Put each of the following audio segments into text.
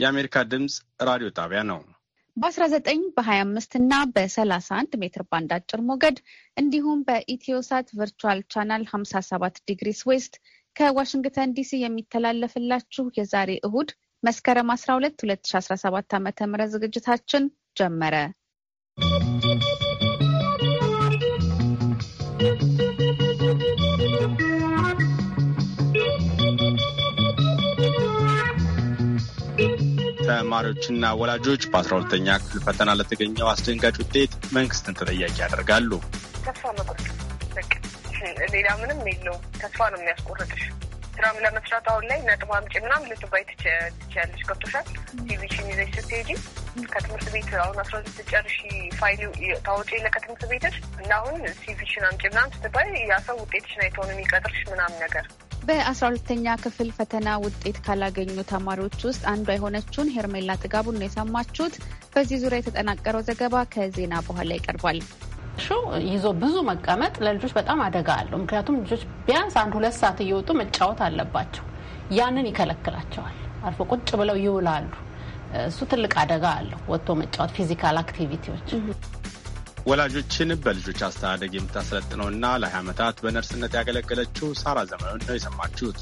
የአሜሪካ ድምፅ ራዲዮ ጣቢያ ነው። በ19 በ25 እና በ31 ሜትር ባንድ አጭር ሞገድ እንዲሁም በኢትዮሳት ቨርቹዋል ቻናል 57 ዲግሪስ ዌስት ከዋሽንግተን ዲሲ የሚተላለፍላችሁ የዛሬ እሁድ መስከረም 12 2017 ዓ ም ዝግጅታችን ጀመረ። ተማሪዎችና ወላጆች በ 12 ተኛ ክፍል ፈተና ለተገኘው አስደንጋጭ ውጤት መንግስትን ተጠያቂ ያደርጋሉ። ተስፋ መቁረጥ፣ ሌላ ምንም የለውም። ተስፋ ነው የሚያስቆርጥሽ። ስራም ለመስራት አሁን ላይ ነጥብ አምጪ ምናምን ልትባይ ትችያለሽ። ገብቶሻል። ቲቪሽን ይዘሽ ስትሄጂ ከትምህርት ቤት አሁን አስራ ሁለት ጨርሺ ፋይል ታወጪ የለ ከትምህርት ቤትሽ እና አሁን ሲቪሽን አምጪ ምናምን ስትባይ ያ ሰው ውጤትሽን አይተው ነው የሚቀጥርሽ ምናምን ነገር በ12ተኛ ክፍል ፈተና ውጤት ካላገኙ ተማሪዎች ውስጥ አንዷ የሆነችውን ሄርሜላ ጥጋቡን የሰማችሁት። በዚህ ዙሪያ የተጠናቀረው ዘገባ ከዜና በኋላ ይቀርባል። ይዞ ብዙ መቀመጥ ለልጆች በጣም አደጋ አለው። ምክንያቱም ልጆች ቢያንስ አንድ ሁለት ሰዓት እየወጡ መጫወት አለባቸው። ያንን ይከለክላቸዋል። አልፎ ቁጭ ብለው ይውላሉ። እሱ ትልቅ አደጋ አለው። ወጥቶ መጫወት ፊዚካል አክቲቪቲዎች ወላጆችን በልጆች አስተዳደግ የምታሰለጥነውና ለ20 ዓመታት በነርስነት ያገለገለችው ሳራ ዘመኑን ነው የሰማችሁት።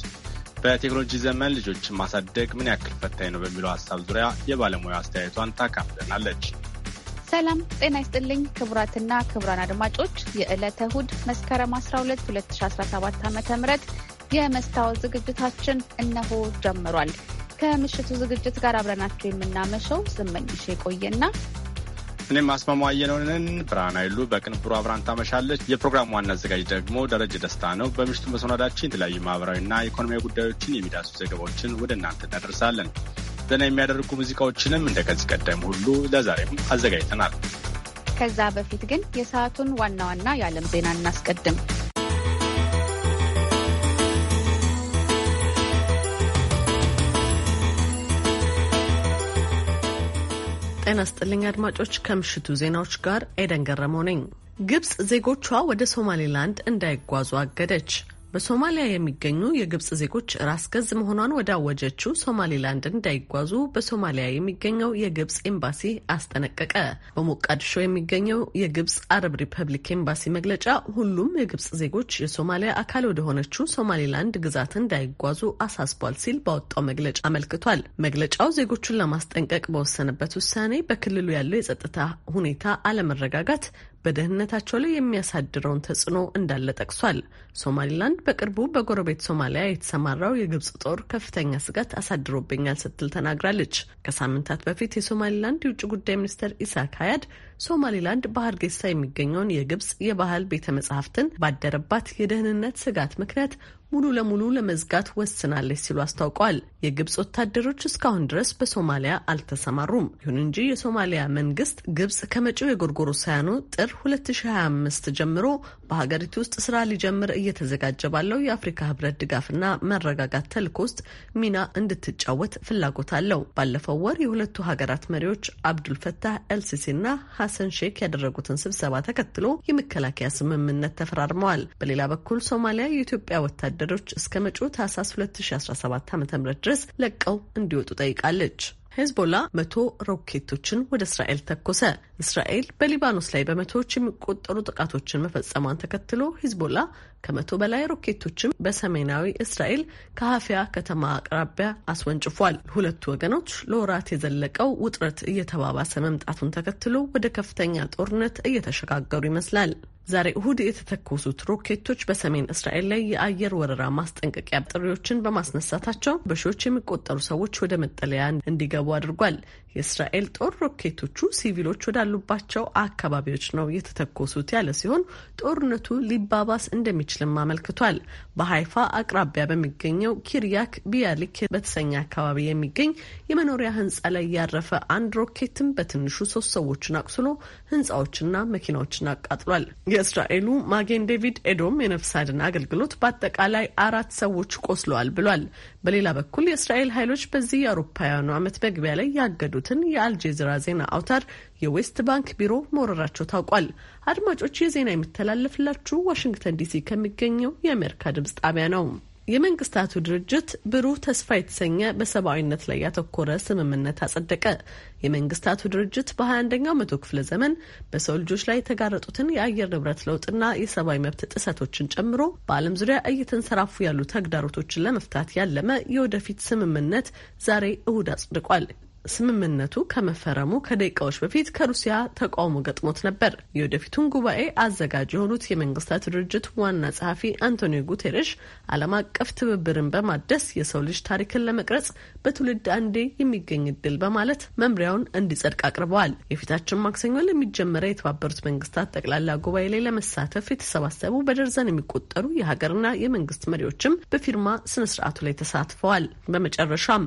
በቴክኖሎጂ ዘመን ልጆችን ማሳደግ ምን ያክል ፈታኝ ነው በሚለው ሀሳብ ዙሪያ የባለሙያ አስተያየቷን ታካፍለናለች። ሰላም ጤና ይስጥልኝ ክቡራትና ክቡራን አድማጮች የዕለተ እሁድ መስከረም 12 2017 ዓ ም የመስታወት ዝግጅታችን እነሆ ጀምሯል። ከምሽቱ ዝግጅት ጋር አብረናቸው የምናመሸው ስመኝሽ የቆየና እኔም ማስማማ አየነውንን ብርሃን አይሉ በቅንብሩ አብራን ታመሻለች። የፕሮግራሙ ዋና አዘጋጅ ደግሞ ደረጀ ደስታ ነው። በምሽቱ መሰናዳችን የተለያዩ ማህበራዊና ኢኮኖሚያዊ ጉዳዮችን የሚዳሱ ዘገባዎችን ወደ እናንተ እናደርሳለን። ዘና የሚያደርጉ ሙዚቃዎችንም እንደ ከዚህ ቀደም ሁሉ ለዛሬም አዘጋጅተናል። ከዛ በፊት ግን የሰዓቱን ዋና ዋና የዓለም ዜና እናስቀድም። ጤና ይስጥልኝ አድማጮች፣ ከምሽቱ ዜናዎች ጋር ኤደን ገረመው ነኝ። ግብጽ ዜጎቿ ወደ ሶማሌላንድ እንዳይጓዙ አገደች። በሶማሊያ የሚገኙ የግብጽ ዜጎች ራስ ገዝ መሆኗን ወዳወጀችው ሶማሌላንድ እንዳይጓዙ በሶማሊያ የሚገኘው የግብጽ ኤምባሲ አስጠነቀቀ። በሞቃዲሾ የሚገኘው የግብጽ አረብ ሪፐብሊክ ኤምባሲ መግለጫ ሁሉም የግብጽ ዜጎች የሶማሊያ አካል ወደሆነችው ሶማሌላንድ ግዛት እንዳይጓዙ አሳስቧል ሲል ባወጣው መግለጫ አመልክቷል። መግለጫው ዜጎቹን ለማስጠንቀቅ በወሰነበት ውሳኔ በክልሉ ያለው የጸጥታ ሁኔታ አለመረጋጋት በደህንነታቸው ላይ የሚያሳድረውን ተጽዕኖ እንዳለ ጠቅሷል። ሶማሊላንድ በቅርቡ በጎረቤት ሶማሊያ የተሰማራው የግብጽ ጦር ከፍተኛ ስጋት አሳድሮብኛል ስትል ተናግራለች። ከሳምንታት በፊት የሶማሊላንድ የውጭ ጉዳይ ሚኒስትር ኢሳክ ሀያድ ሶማሊላንድ በሀርጌሳ የሚገኘውን የግብጽ የባህል ቤተ መጽሐፍትን ባደረባት የደህንነት ስጋት ምክንያት ሙሉ ለሙሉ ለመዝጋት ወስናለች ሲሉ አስታውቋል። የግብጽ ወታደሮች እስካሁን ድረስ በሶማሊያ አልተሰማሩም። ይሁን እንጂ የሶማሊያ መንግስት ግብጽ ከመጪው የጎርጎሮሳውያኑ ጥር 2025 ጀምሮ በሀገሪቱ ውስጥ ስራ ሊጀምር እየተዘጋጀ ባለው የአፍሪካ ህብረት ድጋፍና መረጋጋት ተልእኮ ውስጥ ሚና እንድትጫወት ፍላጎት አለው። ባለፈው ወር የሁለቱ ሀገራት መሪዎች አብዱልፈታህ ኤልሲሲና ሐሰን ሼክ ያደረጉትን ስብሰባ ተከትሎ የመከላከያ ስምምነት ተፈራርመዋል። በሌላ በኩል ሶማሊያ የኢትዮጵያ ወታደሮች እስከ መጪው ታህሳስ 2017 ዓ ም ድረስ ለቀው እንዲወጡ ጠይቃለች። ሄዝቦላ መቶ ሮኬቶችን ወደ እስራኤል ተኮሰ። እስራኤል በሊባኖስ ላይ በመቶዎች የሚቆጠሩ ጥቃቶችን መፈጸሟን ተከትሎ ሂዝቦላ ከመቶ በላይ ሮኬቶችም በሰሜናዊ እስራኤል ከሀፊያ ከተማ አቅራቢያ አስወንጭፏል። ሁለቱ ወገኖች ለወራት የዘለቀው ውጥረት እየተባባሰ መምጣቱን ተከትሎ ወደ ከፍተኛ ጦርነት እየተሸጋገሩ ይመስላል። ዛሬ እሁድ የተተኮሱት ሮኬቶች በሰሜን እስራኤል ላይ የአየር ወረራ ማስጠንቀቂያ ጥሪዎችን በማስነሳታቸው በሺዎች የሚቆጠሩ ሰዎች ወደ መጠለያ እንዲገቡ አድርጓል። የእስራኤል ጦር ሮኬቶቹ ሲቪሎች ወዳሉባቸው አካባቢዎች ነው የተተኮሱት ያለ ሲሆን ጦርነቱ ሊባባስ እንደሚችል እንደሚችልም አመልክቷል። በሀይፋ አቅራቢያ በሚገኘው ኪርያክ ቢያሊክ በተሰኘ አካባቢ የሚገኝ የመኖሪያ ህንጻ ላይ ያረፈ አንድ ሮኬትም በትንሹ ሶስት ሰዎችን አቁስሎ ህንጻዎችና መኪናዎችን አቃጥሏል። የእስራኤሉ ማጌን ዴቪድ ኤዶም የነፍስ አድን አገልግሎት በአጠቃላይ አራት ሰዎች ቆስለዋል ብሏል። በሌላ በኩል የእስራኤል ኃይሎች በዚህ የአውሮፓውያኑ ዓመት መግቢያ ላይ ያገዱትን የአልጄዚራ ዜና አውታር የዌስት ባንክ ቢሮ መወረራቸው ታውቋል። አድማጮች የዜና የሚተላለፍላችሁ ዋሽንግተን ዲሲ ከሚገኘው የአሜሪካ ድምጽ ጣቢያ ነው። የመንግስታቱ ድርጅት ብሩህ ተስፋ የተሰኘ በሰብአዊነት ላይ ያተኮረ ስምምነት አጸደቀ። የመንግስታቱ ድርጅት በ21ኛው መቶ ክፍለ ዘመን በሰው ልጆች ላይ የተጋረጡትን የአየር ንብረት ለውጥና የሰብአዊ መብት ጥሰቶችን ጨምሮ በዓለም ዙሪያ እየተንሰራፉ ያሉ ተግዳሮቶችን ለመፍታት ያለመ የወደፊት ስምምነት ዛሬ እሁድ አጽድቋል። ስምምነቱ ከመፈረሙ ከደቂቃዎች በፊት ከሩሲያ ተቃውሞ ገጥሞት ነበር። የወደፊቱን ጉባኤ አዘጋጅ የሆኑት የመንግስታት ድርጅት ዋና ጸሐፊ አንቶኒዮ ጉቴሬሽ ዓለም አቀፍ ትብብርን በማደስ የሰው ልጅ ታሪክን ለመቅረጽ በትውልድ አንዴ የሚገኝ እድል በማለት መምሪያውን እንዲጸድቅ አቅርበዋል። የፊታችን ማክሰኞ ለሚጀመረው የተባበሩት መንግስታት ጠቅላላ ጉባኤ ላይ ለመሳተፍ የተሰባሰቡ በደርዘን የሚቆጠሩ የሀገርና የመንግስት መሪዎችም በፊርማ ስነስርዓቱ ላይ ተሳትፈዋል። በመጨረሻም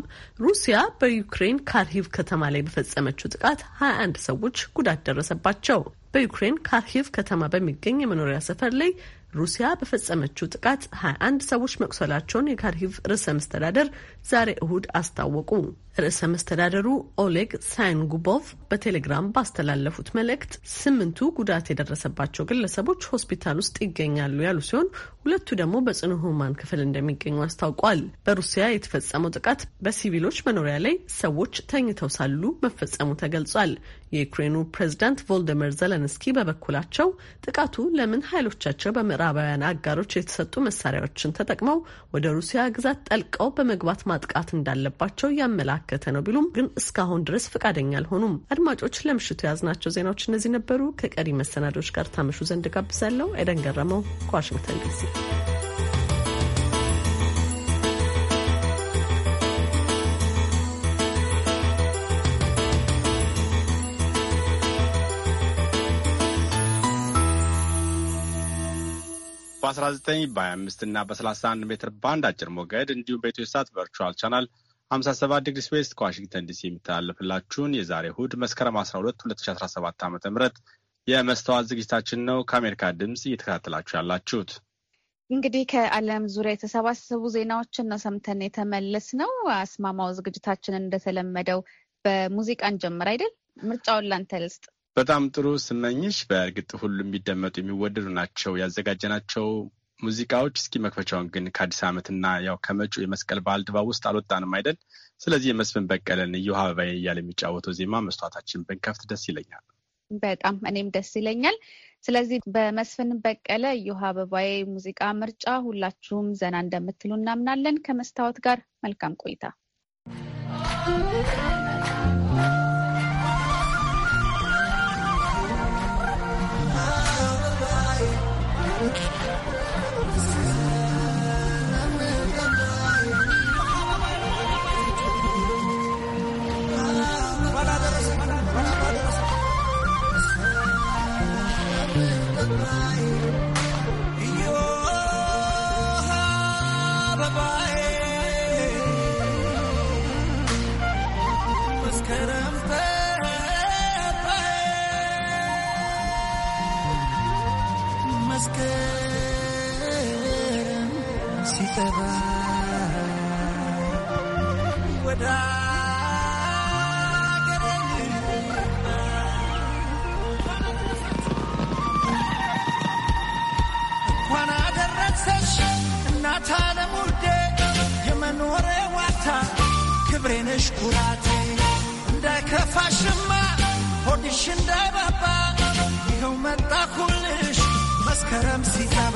ሩሲያ በዩክሬን ካርሂቭ ከተማ ላይ በፈጸመችው ጥቃት 21 ሰዎች ጉዳት ደረሰባቸው። በዩክሬን ካርሂቭ ከተማ በሚገኝ የመኖሪያ ሰፈር ላይ ሩሲያ በፈጸመችው ጥቃት 21 ሰዎች መቁሰላቸውን የካርኪቭ ርዕሰ መስተዳደር ዛሬ እሁድ አስታወቁ። ርዕሰ መስተዳደሩ ኦሌግ ሳይንጉቦቭ በቴሌግራም ባስተላለፉት መልእክት ስምንቱ ጉዳት የደረሰባቸው ግለሰቦች ሆስፒታል ውስጥ ይገኛሉ ያሉ ሲሆን ሁለቱ ደግሞ በጽኑ ሕሙማን ክፍል እንደሚገኙ አስታውቋል። በሩሲያ የተፈጸመው ጥቃት በሲቪሎች መኖሪያ ላይ ሰዎች ተኝተው ሳሉ መፈጸሙ ተገልጿል። የዩክሬኑ ፕሬዝዳንት ቮልደመር ዘለንስኪ በበኩላቸው ጥቃቱ ለምን ኃይሎቻቸው በምዕራባውያን አጋሮች የተሰጡ መሳሪያዎችን ተጠቅመው ወደ ሩሲያ ግዛት ጠልቀው በመግባት ማጥቃት እንዳለባቸው ያመላከተ ነው ቢሉም ግን እስካሁን ድረስ ፈቃደኛ አልሆኑም። አድማጮች ለምሽቱ የያዝናቸው ዜናዎች እነዚህ ነበሩ። ከቀሪ መሰናዶች ጋር ታመሹ ዘንድ ጋብዛለሁ። ኤደን ገረመው ከዋሽንግተን ዲሲ በ19 በ25 እና በ31 ሜትር ባንድ አጭር ሞገድ እንዲሁም በኢትዮ ሳት ቨርቹዋል ቻናል 57 ዲግሪ ስዌስት ከዋሽንግተን ዲሲ የሚተላለፍላችሁን የዛሬ ሁድ መስከረም 12 2017 ዓ ም የመስተዋት ዝግጅታችን ነው ከአሜሪካ ድምፅ እየተከታተላችሁ ያላችሁት። እንግዲህ ከዓለም ዙሪያ የተሰባሰቡ ዜናዎችን ነው ሰምተን የተመለስ ነው። አስማማው ዝግጅታችንን እንደተለመደው በሙዚቃ እንጀምር አይደል? ምርጫውን ላንተ ልስጥ። በጣም ጥሩ ስመኝሽ። በእርግጥ ሁሉም የሚደመጡ የሚወደዱ ናቸው ያዘጋጀናቸው ሙዚቃዎች። እስኪ መክፈቻውን ግን ከአዲስ ዓመትና ያው ከመጪው የመስቀል በዓል ድባብ ውስጥ አልወጣንም አይደል? ስለዚህ የመስፍን በቀለን እዮሃ አበባዬ እያለ የሚጫወተው ዜማ መስተዋታችን ብንከፍት ደስ ይለኛል። በጣም እኔም ደስ ይለኛል። ስለዚህ በመስፍን በቀለ እዮሃ አበባዬ ሙዚቃ ምርጫ ሁላችሁም ዘና እንደምትሉ እናምናለን። ከመስታወት ጋር መልካም ቆይታ አበባ ወደ እንኳን አደረሰሽ እናት ዋታ ክብሬ ነሽ ኩራቴ እንዳይከፋሽማ ሆድሽ እንዳይባባ ይኸው መጣኩልሽ መስከረም ሲገባ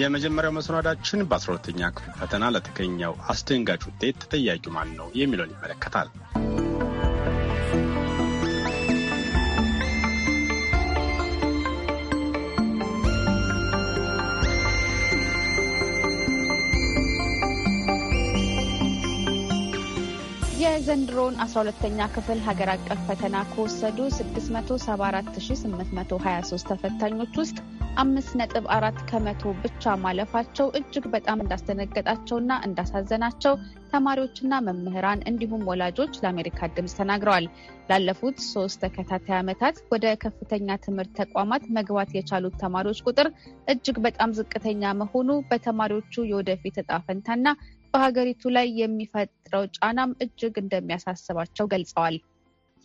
የመጀመሪያው መሰናዳችን በ12ኛ ክፍል ፈተና ለተገኘው አስደንጋጭ ውጤት ተጠያቂ ማን ነው የሚለውን ይመለከታል። የዘንድሮውን 12ተኛ ክፍል ሀገር አቀፍ ፈተና ከወሰዱ 674823 ተፈታኞች ውስጥ አምስት ነጥብ አራት ከመቶ ብቻ ማለፋቸው እጅግ በጣም እንዳስደነገጣቸውና እንዳሳዘናቸው ተማሪዎችና መምህራን እንዲሁም ወላጆች ለአሜሪካ ድምፅ ተናግረዋል። ላለፉት ሶስት ተከታታይ ዓመታት ወደ ከፍተኛ ትምህርት ተቋማት መግባት የቻሉት ተማሪዎች ቁጥር እጅግ በጣም ዝቅተኛ መሆኑ በተማሪዎቹ የወደፊት እጣ ፈንታና በሀገሪቱ ላይ የሚፈጥረው ጫናም እጅግ እንደሚያሳስባቸው ገልጸዋል።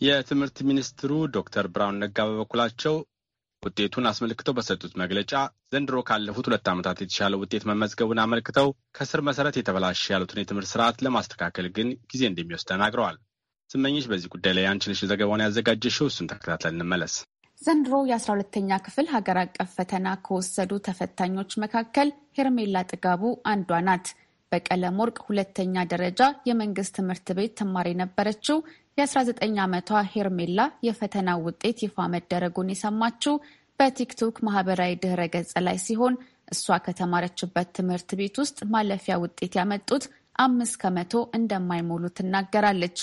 የትምህርት ሚኒስትሩ ዶክተር ብራውን ነጋ በበኩላቸው ውጤቱን አስመልክተው በሰጡት መግለጫ ዘንድሮ ካለፉት ሁለት ዓመታት የተሻለ ውጤት መመዝገቡን አመልክተው ከስር መሰረት የተበላሸ ያሉትን የትምህርት ስርዓት ለማስተካከል ግን ጊዜ እንደሚወስድ ተናግረዋል። ስመኝሽ በዚህ ጉዳይ ላይ አንችንሽ ዘገባውን ያዘጋጀሽው። እሱን ተከታትለን እንመለስ። ዘንድሮ የ12ተኛ ክፍል ሀገር አቀፍ ፈተና ከወሰዱ ተፈታኞች መካከል ሄርሜላ ጥጋቡ አንዷ ናት። በቀለም ወርቅ ሁለተኛ ደረጃ የመንግስት ትምህርት ቤት ተማሪ ነበረችው የ19 ዓመቷ ሄርሜላ የፈተና ውጤት ይፋ መደረጉን የሰማችው በቲክቶክ ማህበራዊ ድህረ ገጽ ላይ ሲሆን እሷ ከተማረችበት ትምህርት ቤት ውስጥ ማለፊያ ውጤት ያመጡት አምስት ከመቶ እንደማይሞሉ ትናገራለች።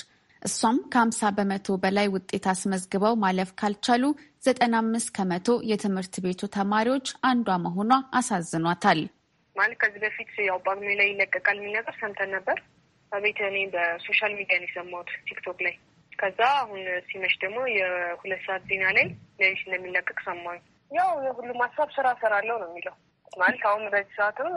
እሷም ከ50 በመቶ በላይ ውጤት አስመዝግበው ማለፍ ካልቻሉ 95 ከመቶ የትምህርት ቤቱ ተማሪዎች አንዷ መሆኗ አሳዝኗታል። ማለት ከዚህ በፊት ያው ጳጉሜ ላይ ይለቀቃል የሚል ነገር ሰምተን ነበር። በቤት እኔ በሶሻል ሚዲያ ነው የሰማሁት ቲክቶክ ላይ። ከዛ አሁን ሲመሽ ደግሞ የሁለት ሰዓት ዜና ላይ ሌሊት እንደሚለቀቅ ሰማኝ። ያው የሁሉም ሀሳብ ስራ እሰራለሁ ነው የሚለው። ማለት አሁን በዚህ ሰዓትም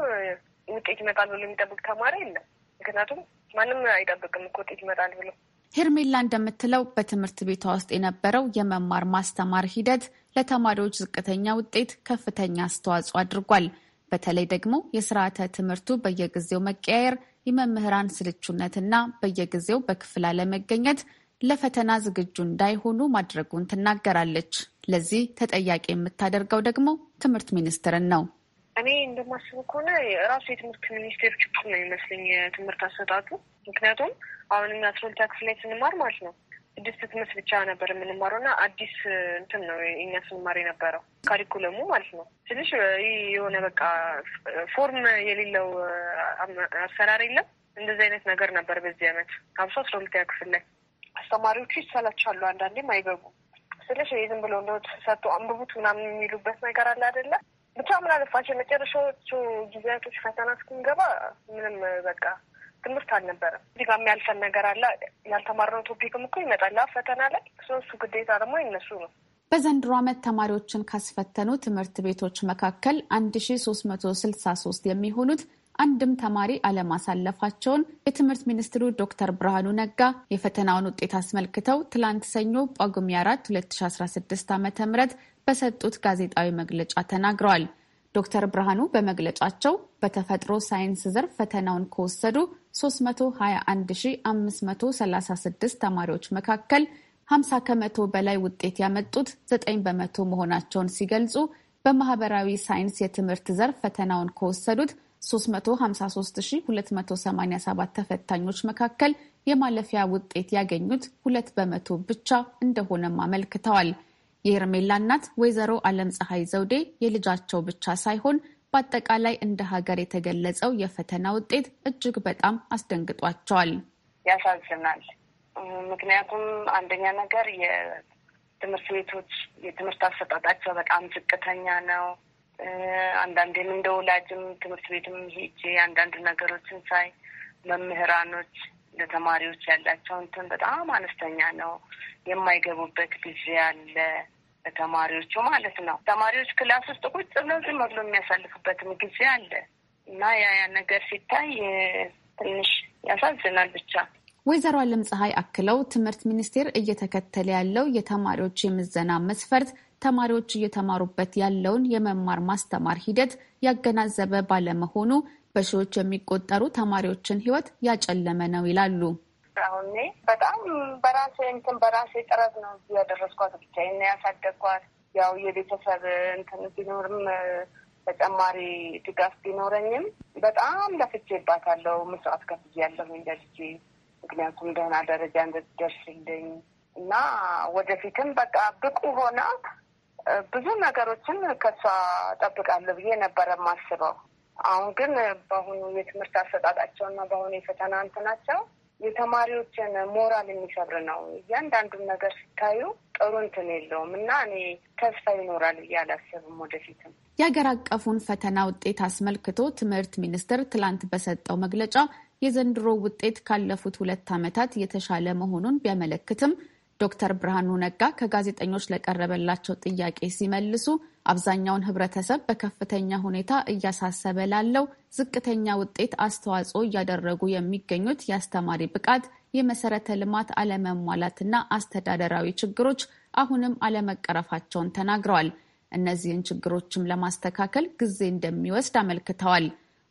ውጤት ይመጣል ብሎ የሚጠብቅ ተማሪ የለም። ምክንያቱም ማንም አይጠብቅም እኮ ውጤት ይመጣል ብሎ። ሄርሜላ እንደምትለው በትምህርት ቤቷ ውስጥ የነበረው የመማር ማስተማር ሂደት ለተማሪዎች ዝቅተኛ ውጤት ከፍተኛ አስተዋጽኦ አድርጓል። በተለይ ደግሞ የስርዓተ ትምህርቱ በየጊዜው መቀያየር፣ የመምህራን ስልቹነትና በየጊዜው በክፍል አለመገኘት ለፈተና ዝግጁ እንዳይሆኑ ማድረጉን ትናገራለች። ለዚህ ተጠያቂ የምታደርገው ደግሞ ትምህርት ሚኒስትርን ነው። እኔ እንደማስበው ከሆነ ራሱ የትምህርት ሚኒስቴር ችግር ነው ይመስለኝ የትምህርት አሰጣጡ። ምክንያቱም አሁን አስራ ሁለተኛ ክፍል ላይ ስንማር ማለት ነው ስድስት ትምህርት ብቻ ነበር የምንማረው እና አዲስ እንትን ነው እኛ ስንማር የነበረው ካሪኩለሙ ማለት ነው። ትንሽ ይህ የሆነ በቃ ፎርም የሌለው አሰራር የለም እንደዚህ አይነት ነገር ነበር በዚህ አመት አብሶ አስራ ሁለተኛ ክፍል ላይ አስተማሪዎቹ ይሰላቻሉ። አንዳንዴም አይገቡም ስለሽ ዝም ብሎ እንደ ሰጡ አንብቡት ምናምን የሚሉበት ነገር አለ አይደለ ብቻ ምን አለፋቸው የመጨረሻዎቹ ጊዜያቶች ፈተና እስክንገባ ምንም በቃ ትምህርት አልነበረም። እዚህ ጋር የሚያልፈን ነገር አለ። ያልተማርነው ቶፒክም እኮ ይመጣል ፈተና ላይ። እሱ ግዴታ ደግሞ ይነሱ ነው። በዘንድሮ ዓመት ተማሪዎችን ካስፈተኑ ትምህርት ቤቶች መካከል 1363 የሚሆኑት አንድም ተማሪ አለማሳለፋቸውን የትምህርት ሚኒስትሩ ዶክተር ብርሃኑ ነጋ የፈተናውን ውጤት አስመልክተው ትላንት ሰኞ ጳጉሜ 4 2016 ዓ ም በሰጡት ጋዜጣዊ መግለጫ ተናግረዋል። ዶክተር ብርሃኑ በመግለጫቸው በተፈጥሮ ሳይንስ ዘርፍ ፈተናውን ከወሰዱ 321,536 ተማሪዎች መካከል 50 ከመቶ በላይ ውጤት ያመጡት 9 በመቶ መሆናቸውን ሲገልጹ በማህበራዊ ሳይንስ የትምህርት ዘርፍ ፈተናውን ከወሰዱት 353287 ተፈታኞች መካከል የማለፊያ ውጤት ያገኙት ሁለት በመቶ ብቻ እንደሆነም አመልክተዋል። የሄርሜላ እናት ወይዘሮ ዓለም ፀሐይ ዘውዴ የልጃቸው ብቻ ሳይሆን በአጠቃላይ እንደ ሀገር የተገለጸው የፈተና ውጤት እጅግ በጣም አስደንግጧቸዋል። ያሳዝናል። ምክንያቱም አንደኛ ነገር የትምህርት ቤቶች የትምህርት አሰጣጣቸው በጣም ዝቅተኛ ነው። አንዳንዴም እንደ ወላጅም ትምህርት ቤትም ሄጄ አንዳንድ ነገሮችን ሳይ መምህራኖች ለተማሪዎች ያላቸው እንትን በጣም አነስተኛ ነው። የማይገቡበት ጊዜ አለ። ተማሪዎቹ ማለት ነው። ተማሪዎች ክላስ ውስጥ ቁጭ ብለው ዝም ብሎ የሚያሳልፉበትም ጊዜ አለ እና ያ ያ ነገር ሲታይ ትንሽ ያሳዝናል ብቻ። ወይዘሮ አለም ፀሐይ አክለው ትምህርት ሚኒስቴር እየተከተለ ያለው የተማሪዎች የምዘና መስፈርት ተማሪዎች እየተማሩበት ያለውን የመማር ማስተማር ሂደት ያገናዘበ ባለመሆኑ በሺዎች የሚቆጠሩ ተማሪዎችን ሕይወት ያጨለመ ነው ይላሉ። አሁኔ በጣም በራሴ እንትን በራሴ ጥረት ነው እዚህ ያደረስኳት። ብቻዬን ነው ያሳደግኳት። ያው የቤተሰብ እንትን ቢኖርም ተጨማሪ ድጋፍ ቢኖረኝም በጣም ለፍቼባታለሁ። መስዋዕት ከፍያለሁ ለልጄ ምክንያቱም ደህና ደረጃ እንድትደርስልኝ እና ወደፊትም በቃ ብቁ ሆና ብዙ ነገሮችን ከሷ ጠብቃለሁ ብዬ ነበረ ማስበው። አሁን ግን በአሁኑ የትምህርት አሰጣጣቸውና በአሁኑ የፈተና እንትናቸው የተማሪዎችን ሞራል የሚሰብር ነው። እያንዳንዱን ነገር ስታዩ ጥሩ እንትን የለውም እና እኔ ተስፋ ይኖራል ብዬ አላሰብም ወደፊትም። የሀገር አቀፉን ፈተና ውጤት አስመልክቶ ትምህርት ሚኒስቴር ትላንት በሰጠው መግለጫ የዘንድሮ ውጤት ካለፉት ሁለት ዓመታት የተሻለ መሆኑን ቢያመለክትም ዶክተር ብርሃኑ ነጋ ከጋዜጠኞች ለቀረበላቸው ጥያቄ ሲመልሱ አብዛኛውን ህብረተሰብ በከፍተኛ ሁኔታ እያሳሰበ ላለው ዝቅተኛ ውጤት አስተዋጽኦ እያደረጉ የሚገኙት የአስተማሪ ብቃት፣ የመሰረተ ልማት አለመሟላትና አስተዳደራዊ ችግሮች አሁንም አለመቀረፋቸውን ተናግረዋል። እነዚህን ችግሮችም ለማስተካከል ጊዜ እንደሚወስድ አመልክተዋል።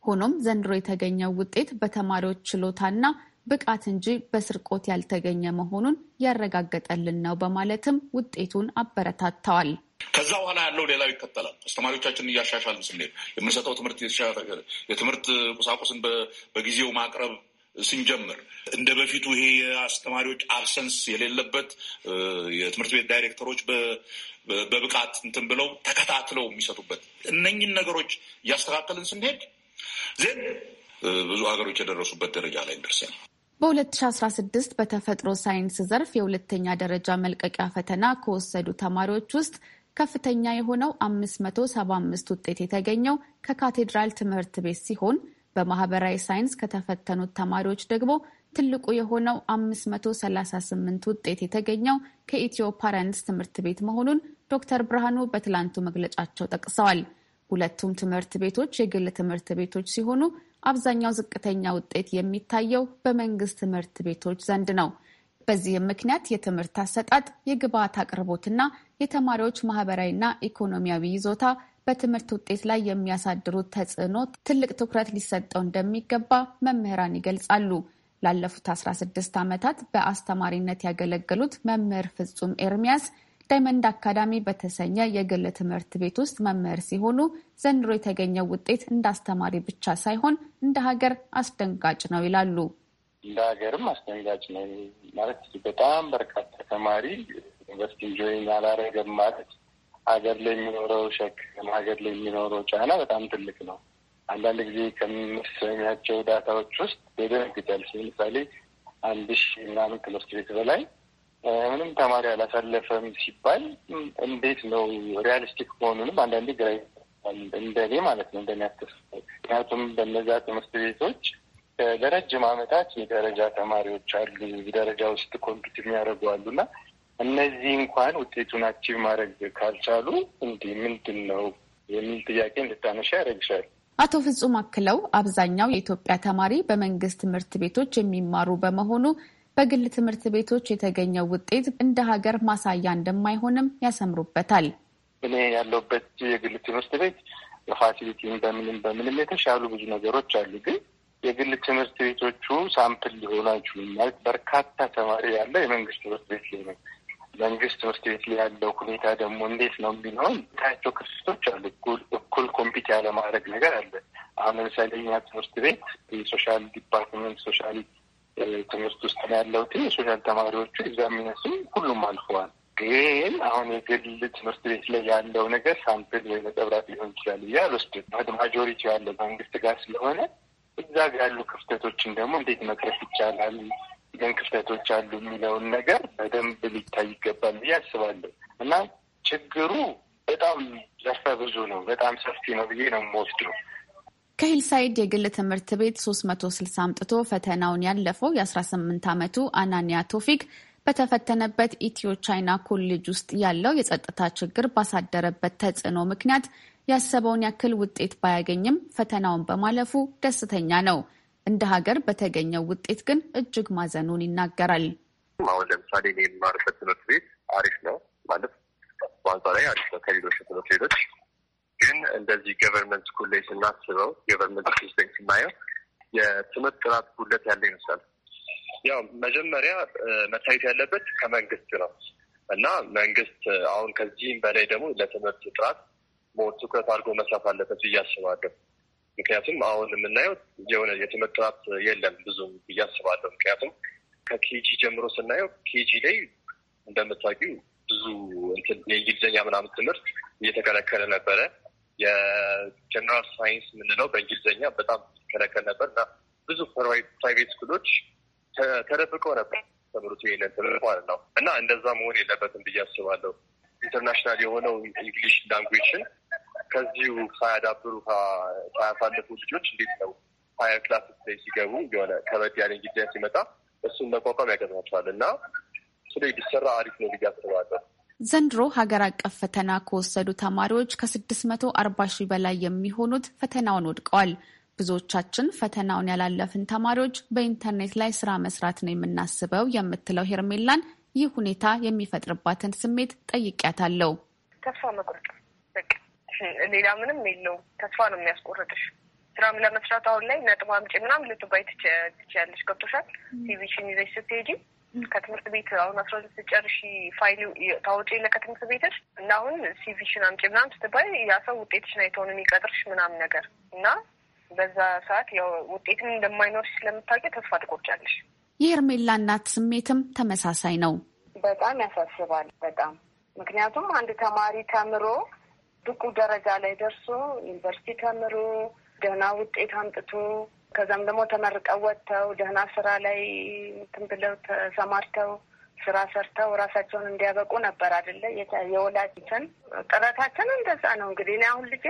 ሆኖም ዘንድሮ የተገኘው ውጤት በተማሪዎች ችሎታና ብቃት እንጂ በስርቆት ያልተገኘ መሆኑን ያረጋገጠልን ነው በማለትም ውጤቱን አበረታተዋል። ከዛ በኋላ ያለው ሌላው ይከተላል። አስተማሪዎቻችንን እያሻሻልን ስንሄድ የምንሰጠው ትምህርት የትምህርት ቁሳቁስን በጊዜው ማቅረብ ስንጀምር እንደ በፊቱ ይሄ የአስተማሪዎች አብሰንስ የሌለበት የትምህርት ቤት ዳይሬክተሮች በብቃት እንትን ብለው ተከታትለው የሚሰጡበት እነኝን ነገሮች እያስተካከልን ስንሄድ ዜን ብዙ ሀገሮች የደረሱበት ደረጃ ላይ ደርሰን በ2016 በተፈጥሮ ሳይንስ ዘርፍ የሁለተኛ ደረጃ መልቀቂያ ፈተና ከወሰዱ ተማሪዎች ውስጥ ከፍተኛ የሆነው 575 ውጤት የተገኘው ከካቴድራል ትምህርት ቤት ሲሆን በማህበራዊ ሳይንስ ከተፈተኑት ተማሪዎች ደግሞ ትልቁ የሆነው 538 ውጤት የተገኘው ከኢትዮ ፓረንትስ ትምህርት ቤት መሆኑን ዶክተር ብርሃኑ በትላንቱ መግለጫቸው ጠቅሰዋል። ሁለቱም ትምህርት ቤቶች የግል ትምህርት ቤቶች ሲሆኑ አብዛኛው ዝቅተኛ ውጤት የሚታየው በመንግስት ትምህርት ቤቶች ዘንድ ነው። በዚህም ምክንያት የትምህርት አሰጣጥ፣ የግብዓት አቅርቦትና የተማሪዎች ማህበራዊና ኢኮኖሚያዊ ይዞታ በትምህርት ውጤት ላይ የሚያሳድሩት ተጽዕኖ ትልቅ ትኩረት ሊሰጠው እንደሚገባ መምህራን ይገልጻሉ። ላለፉት 16 ዓመታት በአስተማሪነት ያገለገሉት መምህር ፍጹም ኤርሚያስ ዳይመንድ አካዳሚ በተሰኘ የግል ትምህርት ቤት ውስጥ መምህር ሲሆኑ ዘንድሮ የተገኘው ውጤት እንደ አስተማሪ ብቻ ሳይሆን እንደ ሀገር አስደንጋጭ ነው ይላሉ። እንደ ሀገርም አስደንጋጭ ነው ማለት በጣም በርካታ ተማሪ ዩኒቨርሲቲ ጆይን አላረገም ማለት ሀገር ላይ የሚኖረው ሸክም፣ ሀገር ላይ የሚኖረው ጫና በጣም ትልቅ ነው። አንዳንድ ጊዜ ከምሰሚያቸው ዳታዎች ውስጥ ይደነግጣል። ለምሳሌ አንድ ሺ ምናምን ትምህርት ቤት በላይ ምንም ተማሪ አላሳለፈም ሲባል እንዴት ነው ሪያሊስቲክ መሆኑንም አንዳንዴ ግራ እንደኔ ማለት ነው እንደሚያስከስ ምክንያቱም በነዛ ትምህርት ቤቶች ለረጅም ዓመታት የደረጃ ተማሪዎች አሉ። ደረጃ ውስጥ ኮምፒት የሚያደርጉ አሉ እና እነዚህ እንኳን ውጤቱን አቺቭ ማድረግ ካልቻሉ እንዲህ ምንድን ነው የሚል ጥያቄ እንድታነሻ ያደረግሻል። አቶ ፍጹም አክለው አብዛኛው የኢትዮጵያ ተማሪ በመንግስት ትምህርት ቤቶች የሚማሩ በመሆኑ በግል ትምህርት ቤቶች የተገኘው ውጤት እንደ ሀገር ማሳያ እንደማይሆንም ያሰምሩበታል። እኔ ያለሁበት የግል ትምህርት ቤት ፋሲሊቲም በምንም በምንም የተሻሉ ብዙ ነገሮች አሉ። ግን የግል ትምህርት ቤቶቹ ሳምፕል ሊሆኑ አይችሉም። ማለት በርካታ ተማሪ ያለ የመንግስት ትምህርት ቤት ላይ ነው። መንግስት ትምህርት ቤት ላይ ያለው ሁኔታ ደግሞ እንዴት ነው የሚለውን ታያቸው ክፍተቶች አሉ። እኩል ኮምፒት ያለማድረግ ነገር አለ። አሁን ለምሳሌ እኛ ትምህርት ቤት የሶሻል ዲፓርትመንት ሶሻሊቲ ትምህርት ውስጥ ነው ያለሁት። የሶሻል ተማሪዎቹ ኤግዛሚነሱ ሁሉም አልፈዋል። ግን አሁን የግል ትምህርት ቤት ላይ ያለው ነገር ሳምፕል ወይ ነጠብራት ሊሆን ይችላል ብዬ አልወስድም። ማጆሪቲ ያለው መንግስት ጋር ስለሆነ እዛ ጋር ያሉ ክፍተቶችን ደግሞ እንዴት መቅረፍ ይቻላል፣ ግን ክፍተቶች አሉ የሚለውን ነገር በደንብ ሊታይ ይገባል ብዬ አስባለሁ እና ችግሩ በጣም ዘርፈ ብዙ ነው፣ በጣም ሰፊ ነው ብዬ ነው የምወስደው። ከሂልሳይድ የግል ትምህርት ቤት 360 አምጥቶ ፈተናውን ያለፈው የ18 ዓመቱ አናኒያ ቶፊክ በተፈተነበት ኢትዮ ቻይና ኮሌጅ ውስጥ ያለው የጸጥታ ችግር ባሳደረበት ተጽዕኖ ምክንያት ያሰበውን ያክል ውጤት ባያገኝም ፈተናውን በማለፉ ደስተኛ ነው። እንደ ሀገር በተገኘው ውጤት ግን እጅግ ማዘኑን ይናገራል። አሁን ለምሳሌ የሚማርበት ትምህርት ቤት አሪፍ ነው ማለት በአንጻ ላይ አሪፍ ነው ከሌሎች ትምህርት ቤቶች ግን እንደዚህ ገቨርንመንት ስኩል ላይ ስናስበው ገቨርንመንት ስኩል ስናየው የትምህርት ጥራት ጉድለት ያለ ይመስላል። ያው መጀመሪያ መታየት ያለበት ከመንግስት ነው እና መንግስት አሁን ከዚህም በላይ ደግሞ ለትምህርት ጥራት ሞር ትኩረት አድርጎ መስራት አለበት ብዬ አስባለሁ። ምክንያቱም አሁን የምናየው የሆነ የትምህርት ጥራት የለም ብዙም ብዬ አስባለሁ። ምክንያቱም ከኬጂ ጀምሮ ስናየው ኬጂ ላይ እንደምታውቂው ብዙ የእንግሊዝኛ ምናምን ትምህርት እየተከለከለ ነበረ። የጀነራል ሳይንስ የምንለው በእንግሊዝኛ በጣም ይከለከል ነበር እና ብዙ ፕራይቬት ስኩሎች ተደብቀው ነበር ተምሩት ይሄንን ትምህርት ማለት ነው እና እንደዛ መሆን የለበትም ብዬ አስባለሁ። ኢንተርናሽናል የሆነው ኢንግሊሽ ላንጉዌጅን ከዚሁ ሳያዳብሩ ሳያሳልፉ ልጆች እንዴት ነው ሀያ ክላስ ላይ ሲገቡ የሆነ ከበድ ያለ እንግሊዝኛ ሲመጣ እሱን መቋቋም ያገጥማቸዋል እና ስለ ቢሰራ አሪፍ ነው ብዬ አስባለሁ። ዘንድሮ ሀገር አቀፍ ፈተና ከወሰዱ ተማሪዎች ከ640 ሺህ በላይ የሚሆኑት ፈተናውን ወድቀዋል። ብዙዎቻችን ፈተናውን ያላለፍን ተማሪዎች በኢንተርኔት ላይ ስራ መስራት ነው የምናስበው የምትለው ሄርሜላን ይህ ሁኔታ የሚፈጥርባትን ስሜት ጠይቂያታለሁ። ተስፋ መቁረጥ ሌላ ምንም የለውም። ተስፋ ነው የሚያስቆርጥሽ። ስራም ለመስራት አሁን ላይ ነጥብ አምጪ ምናምን ልትባይ ትችያለሽ። ገብቶሻል። ሲቪሽን ይዘሽ ስትሄጂ ከትምህርት ቤት አሁን አስራ ሁለት ጨርሺ ፋይል ታወጪ የለ ከትምህርት ቤትሽ እና አሁን ሲቪሽን አምጪ ምናምን ስትባይ ያ ሰው ውጤትሽን አይተውን የሚቀጥርሽ ምናምን ነገር እና በዛ ሰዓት ያው ውጤትም እንደማይኖርሽ ስለምታውቂ ተስፋ ትቆርጫለሽ። የሄርሜላ እናት ስሜትም ተመሳሳይ ነው። በጣም ያሳስባል። በጣም ምክንያቱም አንድ ተማሪ ተምሮ ብቁ ደረጃ ላይ ደርሶ ዩኒቨርሲቲ ተምሮ ደህና ውጤት አምጥቶ ከዛም ደግሞ ተመርቀው ወጥተው ደህና ስራ ላይ እንትን ብለው ተሰማርተው ስራ ሰርተው ራሳቸውን እንዲያበቁ ነበር አይደለ? የወላጅትን ጥረታችን እንደዛ ነው። እንግዲህ እኔ አሁን ልጄ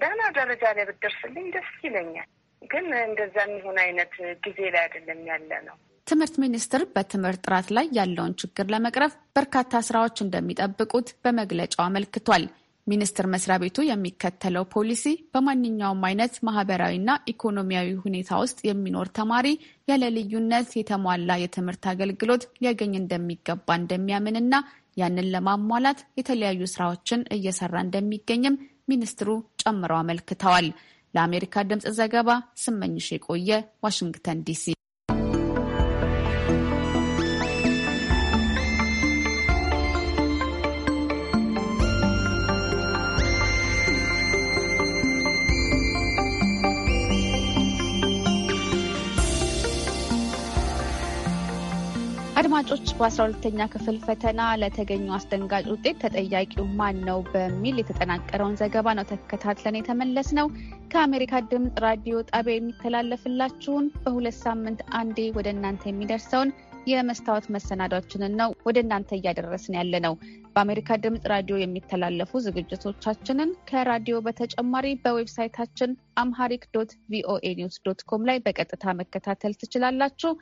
ደህና ደረጃ ላይ ብትደርስልኝ ደስ ይለኛል። ግን እንደዛ የሚሆን አይነት ጊዜ ላይ አይደለም ያለ ነው። ትምህርት ሚኒስቴር በትምህርት ጥራት ላይ ያለውን ችግር ለመቅረፍ በርካታ ስራዎች እንደሚጠብቁት በመግለጫው አመልክቷል። ሚኒስቴር መስሪያ ቤቱ የሚከተለው ፖሊሲ በማንኛውም አይነት ማህበራዊና ኢኮኖሚያዊ ሁኔታ ውስጥ የሚኖር ተማሪ ያለ ልዩነት የተሟላ የትምህርት አገልግሎት ሊያገኝ እንደሚገባ እንደሚያምንና ያንን ለማሟላት የተለያዩ ስራዎችን እየሰራ እንደሚገኝም ሚኒስትሩ ጨምረው አመልክተዋል። ለአሜሪካ ድምፅ ዘገባ ስመኝሽ የቆየ ዋሽንግተን ዲሲ። አድማጮች በ12ተኛ ክፍል ፈተና ለተገኙ አስደንጋጭ ውጤት ተጠያቂው ማን ነው በሚል የተጠናቀረውን ዘገባ ነው ተከታትለን የተመለስ ነው። ከአሜሪካ ድምፅ ራዲዮ ጣቢያ የሚተላለፍላችሁን በሁለት ሳምንት አንዴ ወደ እናንተ የሚደርሰውን የመስታወት መሰናዷችንን ነው ወደ እናንተ እያደረስን ያለ ነው። በአሜሪካ ድምፅ ራዲዮ የሚተላለፉ ዝግጅቶቻችንን ከራዲዮ በተጨማሪ በዌብሳይታችን አምሃሪክ ዶት ቪኦኤ ኒውስ ዶት ኮም ላይ በቀጥታ መከታተል ትችላላችሁ።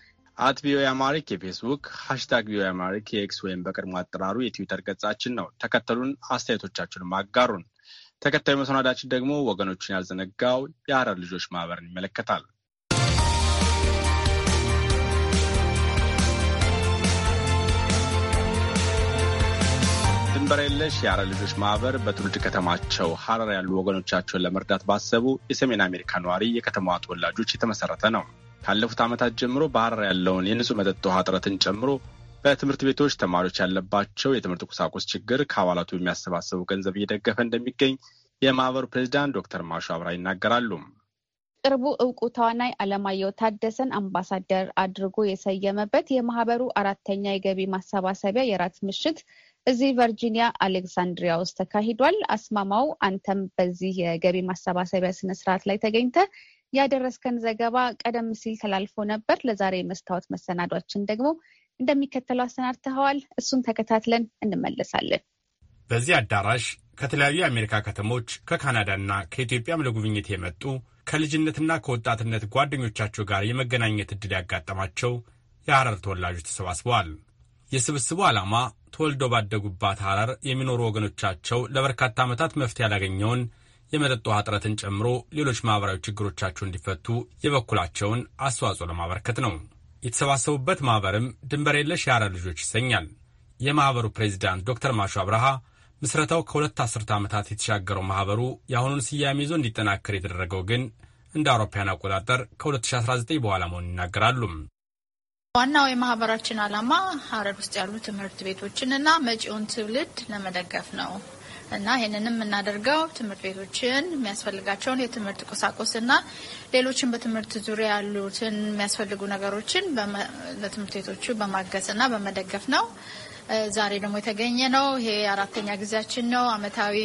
አት ቪኦኤ አማሪክ የፌስቡክ ሀሽታግ ቪኦኤ አማሪክ የኤክስ ወይም በቀድሞ አጠራሩ የትዊተር ገጻችን ነው። ተከተሉን፣ አስተያየቶቻችሁንም አጋሩን። ተከታዩ መሰናዳችን ደግሞ ወገኖችን ያልዘነጋው የሀረር ልጆች ማህበርን ይመለከታል። ድንበር የለሽ የአረር ልጆች ማህበር በትውልድ ከተማቸው ሀረር ያሉ ወገኖቻቸውን ለመርዳት ባሰቡ የሰሜን አሜሪካ ነዋሪ የከተማዋ ተወላጆች የተመሰረተ ነው። ካለፉት ዓመታት ጀምሮ ባህር ያለውን የንጹህ መጠጥ ውሃ እጥረትን ጨምሮ በትምህርት ቤቶች ተማሪዎች ያለባቸው የትምህርት ቁሳቁስ ችግር ከአባላቱ የሚያሰባሰቡ ገንዘብ እየደገፈ እንደሚገኝ የማህበሩ ፕሬዚዳንት ዶክተር ማሹ አብራ ይናገራሉ። ቅርቡ እውቁ ተዋናይ አለማየሁ ታደሰን አምባሳደር አድርጎ የሰየመበት የማህበሩ አራተኛ የገቢ ማሰባሰቢያ የራት ምሽት እዚህ ቨርጂኒያ አሌክሳንድሪያ ውስጥ ተካሂዷል። አስማማው፣ አንተም በዚህ የገቢ ማሰባሰቢያ ስነስርዓት ላይ ተገኝተ ያደረስከን ዘገባ ቀደም ሲል ተላልፎ ነበር። ለዛሬ የመስታወት መሰናዷችን ደግሞ እንደሚከተለው አሰናድተኸዋል። እሱን ተከታትለን እንመለሳለን። በዚህ አዳራሽ ከተለያዩ የአሜሪካ ከተሞች ከካናዳና ከኢትዮጵያም ለጉብኝት የመጡ ከልጅነትና ከወጣትነት ጓደኞቻቸው ጋር የመገናኘት ዕድል ያጋጠማቸው የሐረር ተወላጆች ተሰባስበዋል። የስብስቡ ዓላማ ተወልደው ባደጉባት ሐረር የሚኖሩ ወገኖቻቸው ለበርካታ ዓመታት መፍትሄ ያላገኘውን የመጠጥ ውሃ እጥረትን ጨምሮ ሌሎች ማኅበራዊ ችግሮቻቸው እንዲፈቱ የበኩላቸውን አስተዋጽኦ ለማበረከት ነው። የተሰባሰቡበት ማኅበርም ድንበር የለሽ የሐረር ልጆች ይሰኛል። የማኅበሩ ፕሬዚዳንት ዶክተር ማሹ አብርሃ ምስረታው ከሁለት አስርተ ዓመታት የተሻገረው ማኅበሩ የአሁኑን ስያሜ ይዞ እንዲጠናከር የተደረገው ግን እንደ አውሮፓያን አቆጣጠር ከ2019 በኋላ መሆኑን ይናገራሉ። ዋናው የማህበራችን ዓላማ ሐረር ውስጥ ያሉ ትምህርት ቤቶችን እና መጪውን ትውልድ ለመደገፍ ነው። እና ይህንንም የምናደርገው ትምህርት ቤቶችን የሚያስፈልጋቸውን የትምህርት ቁሳቁስ እና ሌሎችን በትምህርት ዙሪያ ያሉትን የሚያስፈልጉ ነገሮችን ለትምህርት ቤቶቹ በማገዝና በመደገፍ ነው። ዛሬ ደግሞ የተገኘ ነው። ይሄ አራተኛ ጊዜያችን ነው። አመታዊ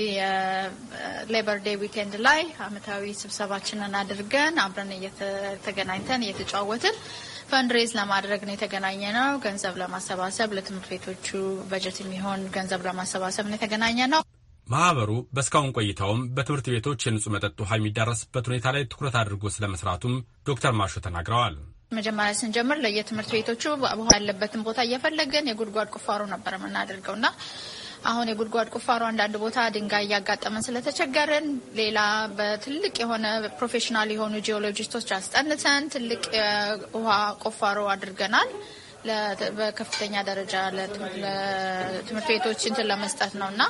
ሌበር ዴይ ዊኬንድ ላይ አመታዊ ስብሰባችንን አድርገን አብረን እየተገናኝተን እየተጫወትን ፈንድሬዝ ለማድረግ ነው የተገናኘ ነው። ገንዘብ ለማሰባሰብ ለትምህርት ቤቶቹ በጀት የሚሆን ገንዘብ ለማሰባሰብ ነው የተገናኘ ነው። ማህበሩ በእስካሁን ቆይታውም በትምህርት ቤቶች የንጹህ መጠጥ ውሃ የሚዳረስበት ሁኔታ ላይ ትኩረት አድርጎ ስለመስራቱም ዶክተር ማሾ ተናግረዋል። መጀመሪያ ስንጀምር ለየትምህርት ቤቶቹ ውሃ ያለበትን ቦታ እየፈለገን የጉድጓድ ቁፋሮ ነበር የምናደርገው እና አሁን የጉድጓድ ቁፋሮ አንዳንድ ቦታ ድንጋይ እያጋጠመን ስለተቸገርን ሌላ በትልቅ የሆነ ፕሮፌሽናል የሆኑ ጂኦሎጂስቶች አስጠንተን ትልቅ ውሃ ቁፋሮ አድርገናል። በከፍተኛ ደረጃ ለትምህርት ቤቶች እንትን ለመስጠት ነው እና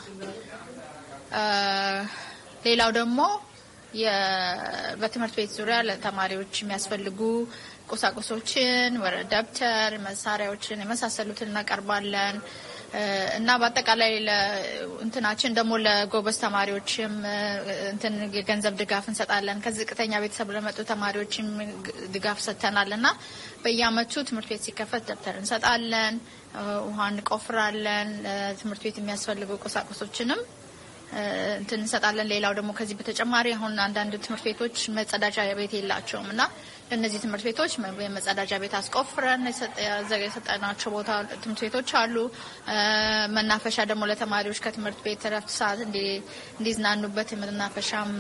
ሌላው ደግሞ በትምህርት ቤት ዙሪያ ለተማሪዎች የሚያስፈልጉ ቁሳቁሶችን፣ ደብተር፣ መሳሪያዎችን የመሳሰሉትን እናቀርባለን እና በአጠቃላይ እንትናችን ደግሞ ለጎበዝ ተማሪዎችም እንትን የገንዘብ ድጋፍ እንሰጣለን። ከዝቅተኛ ቤተሰብ ለመጡ ተማሪዎችም ድጋፍ ሰጥተናል እና በየአመቱ ትምህርት ቤት ሲከፈት ደብተር እንሰጣለን፣ ውሃ እንቆፍራለን፣ ለትምህርት ቤት የሚያስፈልጉ ቁሳቁሶችንም እንትን እንሰጣለን። ሌላው ደግሞ ከዚህ በተጨማሪ አሁን አንዳንድ ትምህርት ቤቶች መጸዳጃ ቤት የላቸውም እና እነዚህ ትምህርት ቤቶች የመጸዳጃ ቤት አስቆፍረን የሰጠናቸው ቦታ ትምህርት ቤቶች አሉ። መናፈሻ ደግሞ ለተማሪዎች ከትምህርት ቤት ረፍት ሰዓት እንዲዝናኑበት የመናፈሻም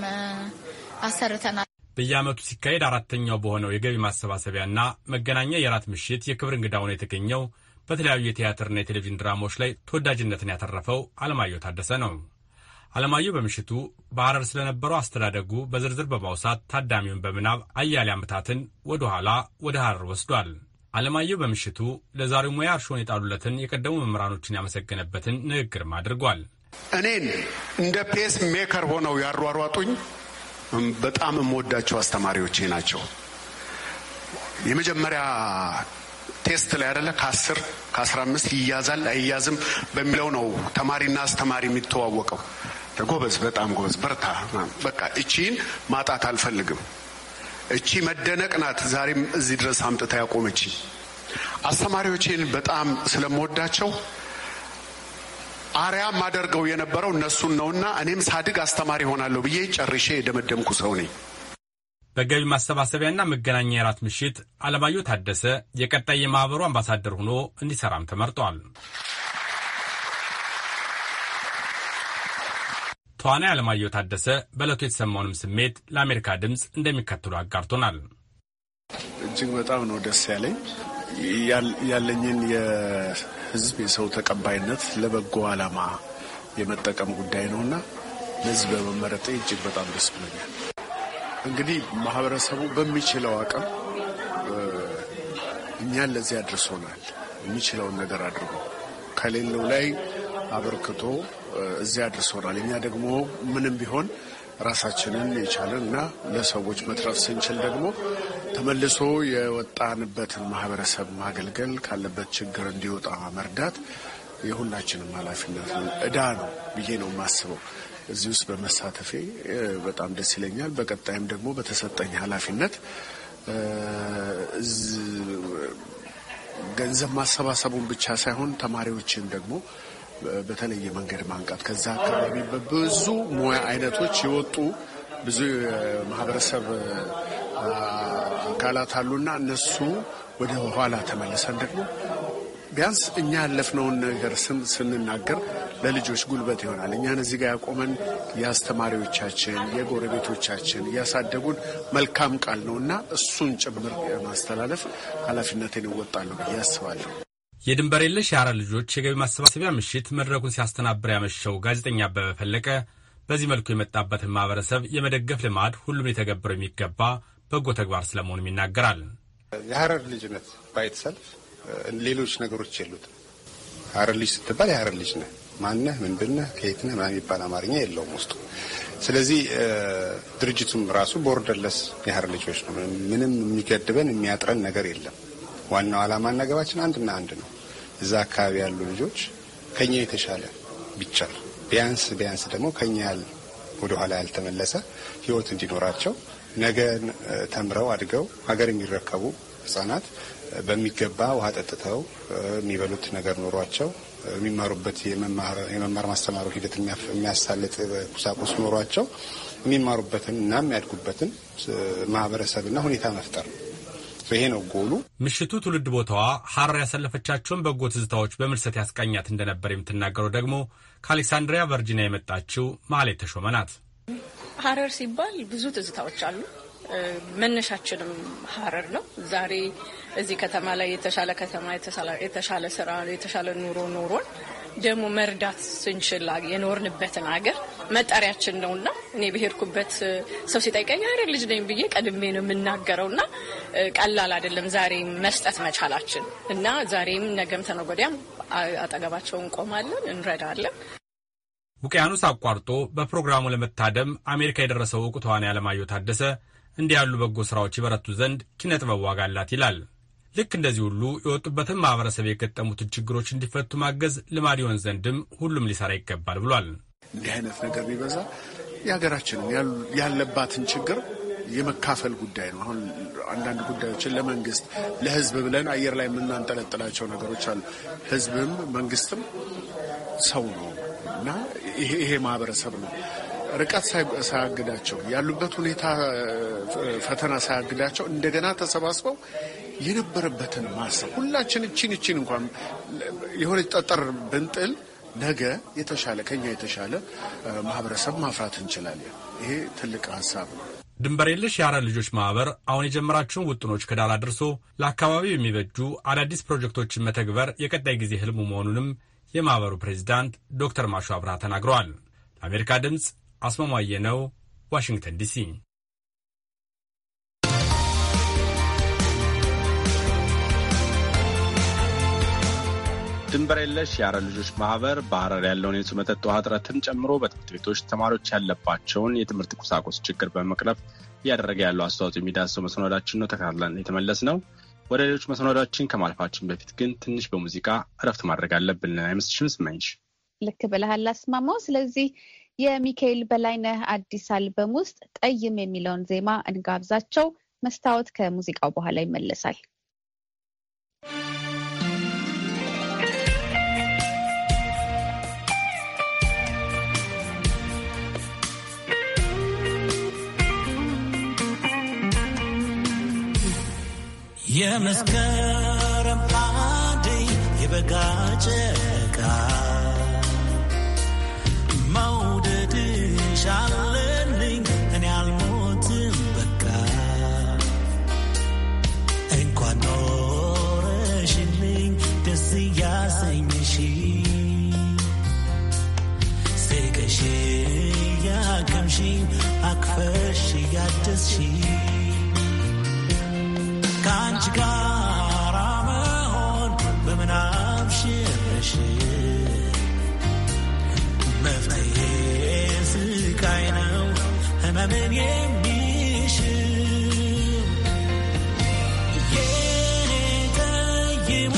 አሰርተናል። በየዓመቱ ሲካሄድ አራተኛው በሆነው የገቢ ማሰባሰቢያና መገናኛ የራት ምሽት የክብር እንግዳ ሆኖ የተገኘው በተለያዩ የቲያትርና የቴሌቪዥን ድራማዎች ላይ ተወዳጅነትን ያተረፈው አለማየሁ ታደሰ ነው። አለማየሁ በምሽቱ በሐረር ስለነበረው አስተዳደጉ በዝርዝር በማውሳት ታዳሚውን በምናብ አያሌ ዓመታትን ወደ ኋላ ወደ ሐረር ወስዷል። አለማየሁ በምሽቱ ለዛሬው ሙያ እርሾን የጣሉለትን የቀደሙ መምህራኖችን ያመሰገነበትን ንግግርም አድርጓል። እኔን እንደ ፔስ ሜከር ሆነው ያሯሯጡኝ በጣም የምወዳቸው አስተማሪዎቼ ናቸው። የመጀመሪያ ቴስት ላይ አደለ ከአስር ከአስራ አምስት ይያዛል አይያዝም በሚለው ነው ተማሪና አስተማሪ የሚተዋወቀው። ጎበዝ፣ በጣም ጎበዝ፣ በርታ። በቃ እቺን ማጣት አልፈልግም። እቺ መደነቅ ናት። ዛሬም እዚህ ድረስ አምጥታ ያቆመች አስተማሪዎቼን በጣም ስለምወዳቸው አርያ አደርገው የነበረው እነሱን ነውና እኔም ሳድግ አስተማሪ ሆናለሁ ብዬ ጨርሼ የደመደምኩ ሰው ነኝ። በገቢ ማሰባሰቢያና መገናኛ የራት ምሽት አለማየሁ ታደሰ የቀጣይ የማኅበሩ አምባሳደር ሆኖ እንዲሰራም ተመርጧል። ተዋናይ አለማየሁ ታደሰ በዕለቱ የተሰማውንም ስሜት ለአሜሪካ ድምፅ እንደሚከተሉ አጋርቶናል። እጅግ በጣም ነው ደስ ያለኝ ያለኝን የህዝብ የሰው ተቀባይነት ለበጎ አላማ የመጠቀም ጉዳይ ነውና ለዚህ በመመረጤ እጅግ በጣም ደስ ብሎኛል። እንግዲህ ማህበረሰቡ በሚችለው አቅም እኛን ለዚህ አድርሶናል። የሚችለውን ነገር አድርጎ ከሌለው ላይ አበርክቶ እዚያ አድርሶናል። እኛ ደግሞ ምንም ቢሆን ራሳችንን የቻለን እና ለሰዎች መትረፍ ስንችል ደግሞ ተመልሶ የወጣንበትን ማህበረሰብ ማገልገል ካለበት ችግር እንዲወጣ መርዳት የሁላችንም ኃላፊነት ነው፣ እዳ ነው ብዬ ነው የማስበው። እዚህ ውስጥ በመሳተፌ በጣም ደስ ይለኛል። በቀጣይም ደግሞ በተሰጠኝ ኃላፊነት ገንዘብ ማሰባሰቡን ብቻ ሳይሆን ተማሪዎችን ደግሞ በተለየ መንገድ ማንቃት ከዛ አካባቢ በብዙ ሙያ አይነቶች የወጡ ብዙ የማህበረሰብ አካላት አሉና እነሱ ወደ ኋላ ተመልሰን ደግሞ ቢያንስ እኛ ያለፍነውን ነገር ስንናገር ለልጆች ጉልበት ይሆናል። እኛን እዚህ ጋር ያቆመን የአስተማሪዎቻችን፣ የጎረቤቶቻችን እያሳደጉን መልካም ቃል ነው እና እሱን ጭምር ማስተላለፍ ኃላፊነቴን እወጣለሁ ብዬ አስባለሁ። የድንበር የለሽ የአራ ልጆች የገቢ ማሰባሰቢያ ምሽት መድረኩን ሲያስተናብር ያመሸው ጋዜጠኛ አበበ ፈለቀ በዚህ መልኩ የመጣበትን ማህበረሰብ የመደገፍ ልማድ ሁሉም ሊተገብረው የሚገባ በጎ ተግባር ስለመሆኑም ይናገራል። የሀረር ልጅነት ሰልፍ ሌሎች ነገሮች የሉትም። ሀረር ልጅ ስትባል የሀረር ልጅ ነህ፣ ማነህ፣ ምንድነህ፣ ከየትነህ ምናምን የሚባል አማርኛ የለውም ውስጡ። ስለዚህ ድርጅቱም ራሱ ቦርደርለስ የሀረር ልጆች ነው። ምንም የሚገድበን የሚያጥረን ነገር የለም። ዋናው ዓላማና ገባችን አንድና አንድ ነው። እዛ አካባቢ ያሉ ልጆች ከኛ የተሻለ ቢቻል ቢያንስ ቢያንስ ደግሞ ከኛ ያል ወደኋላ ያልተመለሰ ህይወት እንዲኖራቸው ነገ ተምረው አድገው ሀገር የሚረከቡ ህጻናት በሚገባ ውሃ ጠጥተው የሚበሉት ነገር ኖሯቸው የሚማሩበት የመማር ማስተማሩ ሂደት የሚያሳልጥ ቁሳቁስ ኖሯቸው የሚማሩበትን እና የሚያድጉበትን ማህበረሰብና ሁኔታ መፍጠር ነው። ይሄ ነው ጎሉ። ምሽቱ ትውልድ ቦታዋ ሐረር ያሳለፈቻቸውን በጎ ትዝታዎች በምልሰት ያስቃኛት እንደነበር የምትናገረው ደግሞ ከአሌክሳንድሪያ ቨርጂኒያ የመጣችው ማሌ ተሾመ ናት። ሐረር ሲባል ብዙ ትዝታዎች አሉ። መነሻችንም ሐረር ነው። ዛሬ እዚህ ከተማ ላይ የተሻለ ከተማ፣ የተሻለ ስራ፣ የተሻለ ኑሮ ኖሮን ደግሞ መርዳት ስንችል የኖርንበትን ሀገር መጠሪያችን ነውና እኔ ብሄርኩበት ሰው ሲጠይቀኝ አረ ልጅ ነኝ ብዬ ቀድሜ ነው የምናገረውና ቀላል አይደለም ዛሬ መስጠት መቻላችን እና ዛሬም ነገም ተነጎዲያም አጠገባቸው እንቆማለን፣ እንረዳለን። ውቅያኖስ አቋርጦ በፕሮግራሙ ለመታደም አሜሪካ የደረሰው ዕውቁ ተዋናይ አለማየሁ ታደሰ እንዲህ ያሉ በጎ ስራዎች ይበረቱ ዘንድ ኪነ ዋጋ አላት ይላል። ልክ እንደዚህ ሁሉ የወጡበትን ማህበረሰብ የገጠሙትን ችግሮች እንዲፈቱ ማገዝ ልማድ ይሆን ዘንድም ሁሉም ሊሰራ ይገባል ብሏል። እንዲህ አይነት ነገር ቢበዛ የሀገራችንን ያለባትን ችግር የመካፈል ጉዳይ ነው። አሁን አንዳንድ ጉዳዮችን ለመንግስት ለህዝብ ብለን አየር ላይ የምናንጠለጥላቸው ነገሮች አሉ። ህዝብም መንግስትም ሰው ነው እና ይሄ ማህበረሰብ ነው። ርቀት ሳያግዳቸው ያሉበት ሁኔታ ፈተና ሳያግዳቸው እንደገና ተሰባስበው የነበረበትን ማሰብ ሁላችን እችን እችን እንኳን የሆነ ጠጠር ብንጥል ነገ የተሻለ ከኛ የተሻለ ማህበረሰብ ማፍራት እንችላለን። ይሄ ትልቅ ሀሳብ ነው። ድንበር የለሽ የአራት ልጆች ማህበር አሁን የጀመራቸውን ውጥኖች ከዳር አድርሶ ለአካባቢው የሚበጁ አዳዲስ ፕሮጀክቶችን መተግበር የቀጣይ ጊዜ ህልሙ መሆኑንም የማህበሩ ፕሬዚዳንት ዶክተር ማሹ አብርሃ ተናግረዋል። ለአሜሪካ ድምፅ አስማማየ ነው፣ ዋሽንግተን ዲሲ ድንበር የለሽ የአረ ልጆች ማህበር በአረር ያለውን የንጹህ መጠጥ ውሃ እጥረትን ጨምሮ በትምህርት ቤቶች ተማሪዎች ያለባቸውን የትምህርት ቁሳቁስ ችግር በመቅረፍ እያደረገ ያለው አስተዋጽኦ የሚዳሰው መሰናዳችን ነው። ተከታትለን የተመለስ ነው። ወደ ሌሎች መሰናዳችን ከማልፋችን በፊት ግን ትንሽ በሙዚቃ እረፍት ማድረግ አለብን አይመስልሽም ስመኝሽ? ልክ ብለሃል አስማማው። ስለዚህ የሚካኤል በላይነህ አዲስ አልበም ውስጥ ጠይም የሚለውን ዜማ እንጋብዛቸው። መስታወት ከሙዚቃው በኋላ ይመለሳል። የመስከረም አደይ የበጋ ጨረቃ መውደድሽ እኔ አልሞትም በቃ እንኳን ኖረሽልኝ ደስ እያሰኝሽ ሴቀሽ እያከምሽኝ አክፈሽ እያደስሽ همه میشم یه تا یه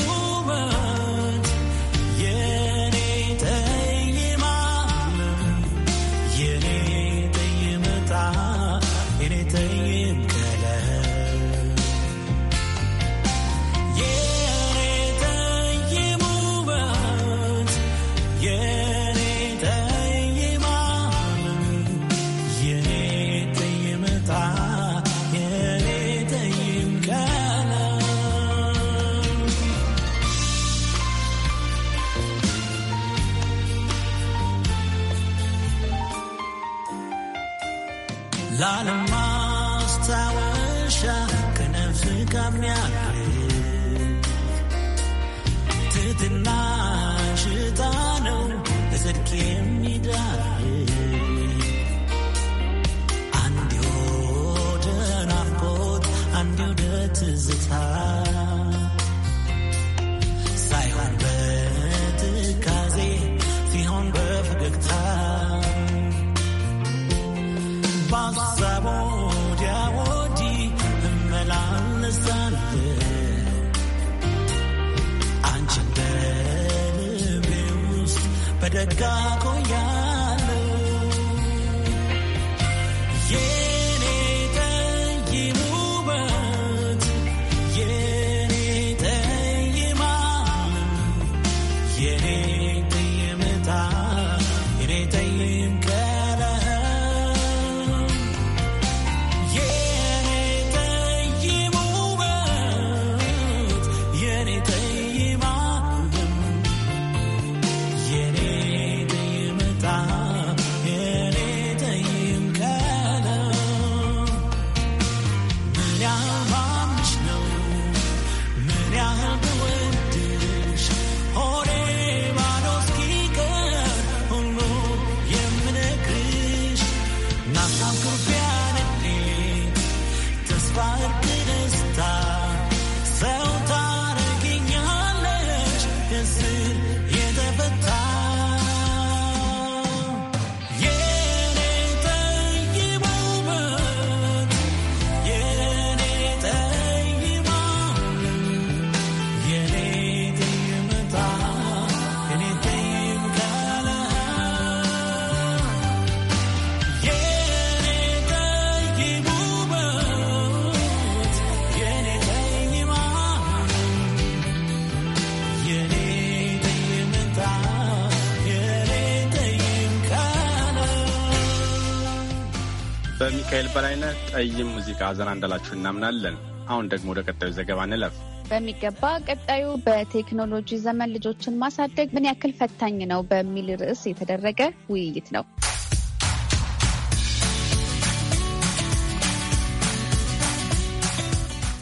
በላይነህ ጠይም ሙዚቃ ዘና እንዳላችሁ እናምናለን። አሁን ደግሞ ወደ ቀጣዩ ዘገባ እንለፍ። በሚገባ ቀጣዩ በቴክኖሎጂ ዘመን ልጆችን ማሳደግ ምን ያክል ፈታኝ ነው በሚል ርዕስ የተደረገ ውይይት ነው።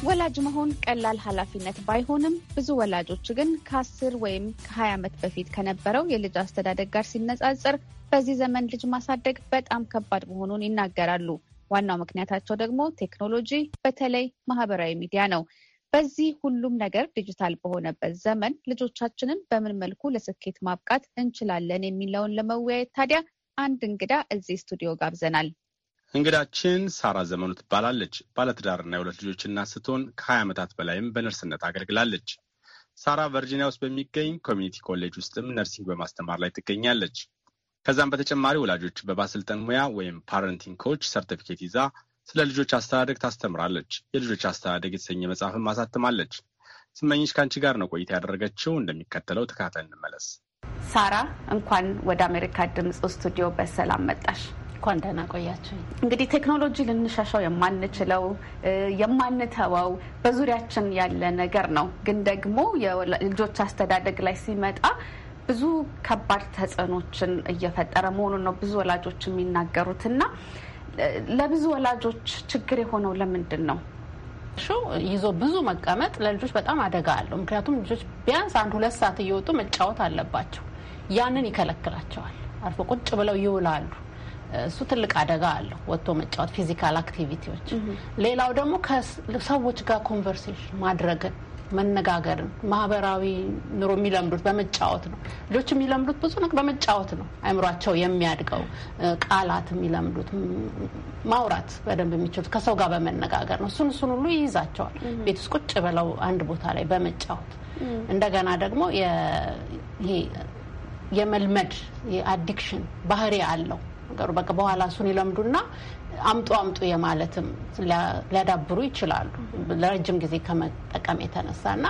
ወላጅ መሆን ቀላል ኃላፊነት ባይሆንም ብዙ ወላጆች ግን ከአስር ወይም ከሀያ ዓመት በፊት ከነበረው የልጅ አስተዳደግ ጋር ሲነጻጸር በዚህ ዘመን ልጅ ማሳደግ በጣም ከባድ መሆኑን ይናገራሉ። ዋናው ምክንያታቸው ደግሞ ቴክኖሎጂ በተለይ ማህበራዊ ሚዲያ ነው። በዚህ ሁሉም ነገር ዲጂታል በሆነበት ዘመን ልጆቻችንን በምን መልኩ ለስኬት ማብቃት እንችላለን የሚለውን ለመወያየት ታዲያ አንድ እንግዳ እዚህ ስቱዲዮ ጋብዘናል። እንግዳችን ሳራ ዘመኑ ትባላለች። ባለትዳርና የሁለት ልጆች እናት ስትሆን ከሀያ ዓመታት በላይም በነርስነት አገልግላለች። ሳራ ቨርጂኒያ ውስጥ በሚገኝ ኮሚኒቲ ኮሌጅ ውስጥም ነርሲንግ በማስተማር ላይ ትገኛለች። ከዛም በተጨማሪ ወላጆች በባለስልጣን ሙያ ወይም ፓረንቲንግ ኮች ሰርቲፊኬት ይዛ ስለ ልጆች አስተዳደግ ታስተምራለች። የልጆች አስተዳደግ የተሰኘ መጽሐፍን ማሳትማለች። ስመኝሽ ከአንቺ ጋር ነው ቆይታ ያደረገችው። እንደሚከተለው ተካፍለን እንመለስ። ሳራ እንኳን ወደ አሜሪካ ድምፅ ስቱዲዮ በሰላም መጣሽ። እንኳን ደህና ቆያችሁ። እንግዲህ ቴክኖሎጂ ልንሻሻው የማንችለው የማንተወው በዙሪያችን ያለ ነገር ነው። ግን ደግሞ የልጆች አስተዳደግ ላይ ሲመጣ ብዙ ከባድ ተጽዕኖችን እየፈጠረ መሆኑን ነው ብዙ ወላጆች የሚናገሩት። እና ለብዙ ወላጆች ችግር የሆነው ለምንድን ነው? ይዞ ብዙ መቀመጥ ለልጆች በጣም አደጋ አለው። ምክንያቱም ልጆች ቢያንስ አንድ ሁለት ሰዓት እየወጡ መጫወት አለባቸው። ያንን ይከለክላቸዋል። አርፎ ቁጭ ብለው ይውላሉ። እሱ ትልቅ አደጋ አለው። ወጥቶ መጫወት፣ ፊዚካል አክቲቪቲዎች። ሌላው ደግሞ ከሰዎች ጋር ኮንቨርሴሽን ማድረግን መነጋገርን፣ ማህበራዊ ኑሮ የሚለምዱት በመጫወት ነው። ልጆች የሚለምዱት ብዙ ነገር በመጫወት ነው። አይምሯቸው የሚያድገው ቃላት የሚለምዱት ማውራት በደንብ የሚችሉት ከሰው ጋር በመነጋገር ነው። እሱን እሱን ሁሉ ይይዛቸዋል። ቤት ውስጥ ቁጭ ብለው አንድ ቦታ ላይ በመጫወት እንደገና ደግሞ የመልመድ የአዲክሽን ባህሪ አለው ነገሩ በቃ በኋላ እሱን ይለምዱና አምጡ አምጡ የማለትም ሊያዳብሩ ይችላሉ ለረጅም ጊዜ ከመጠቀም የተነሳ እና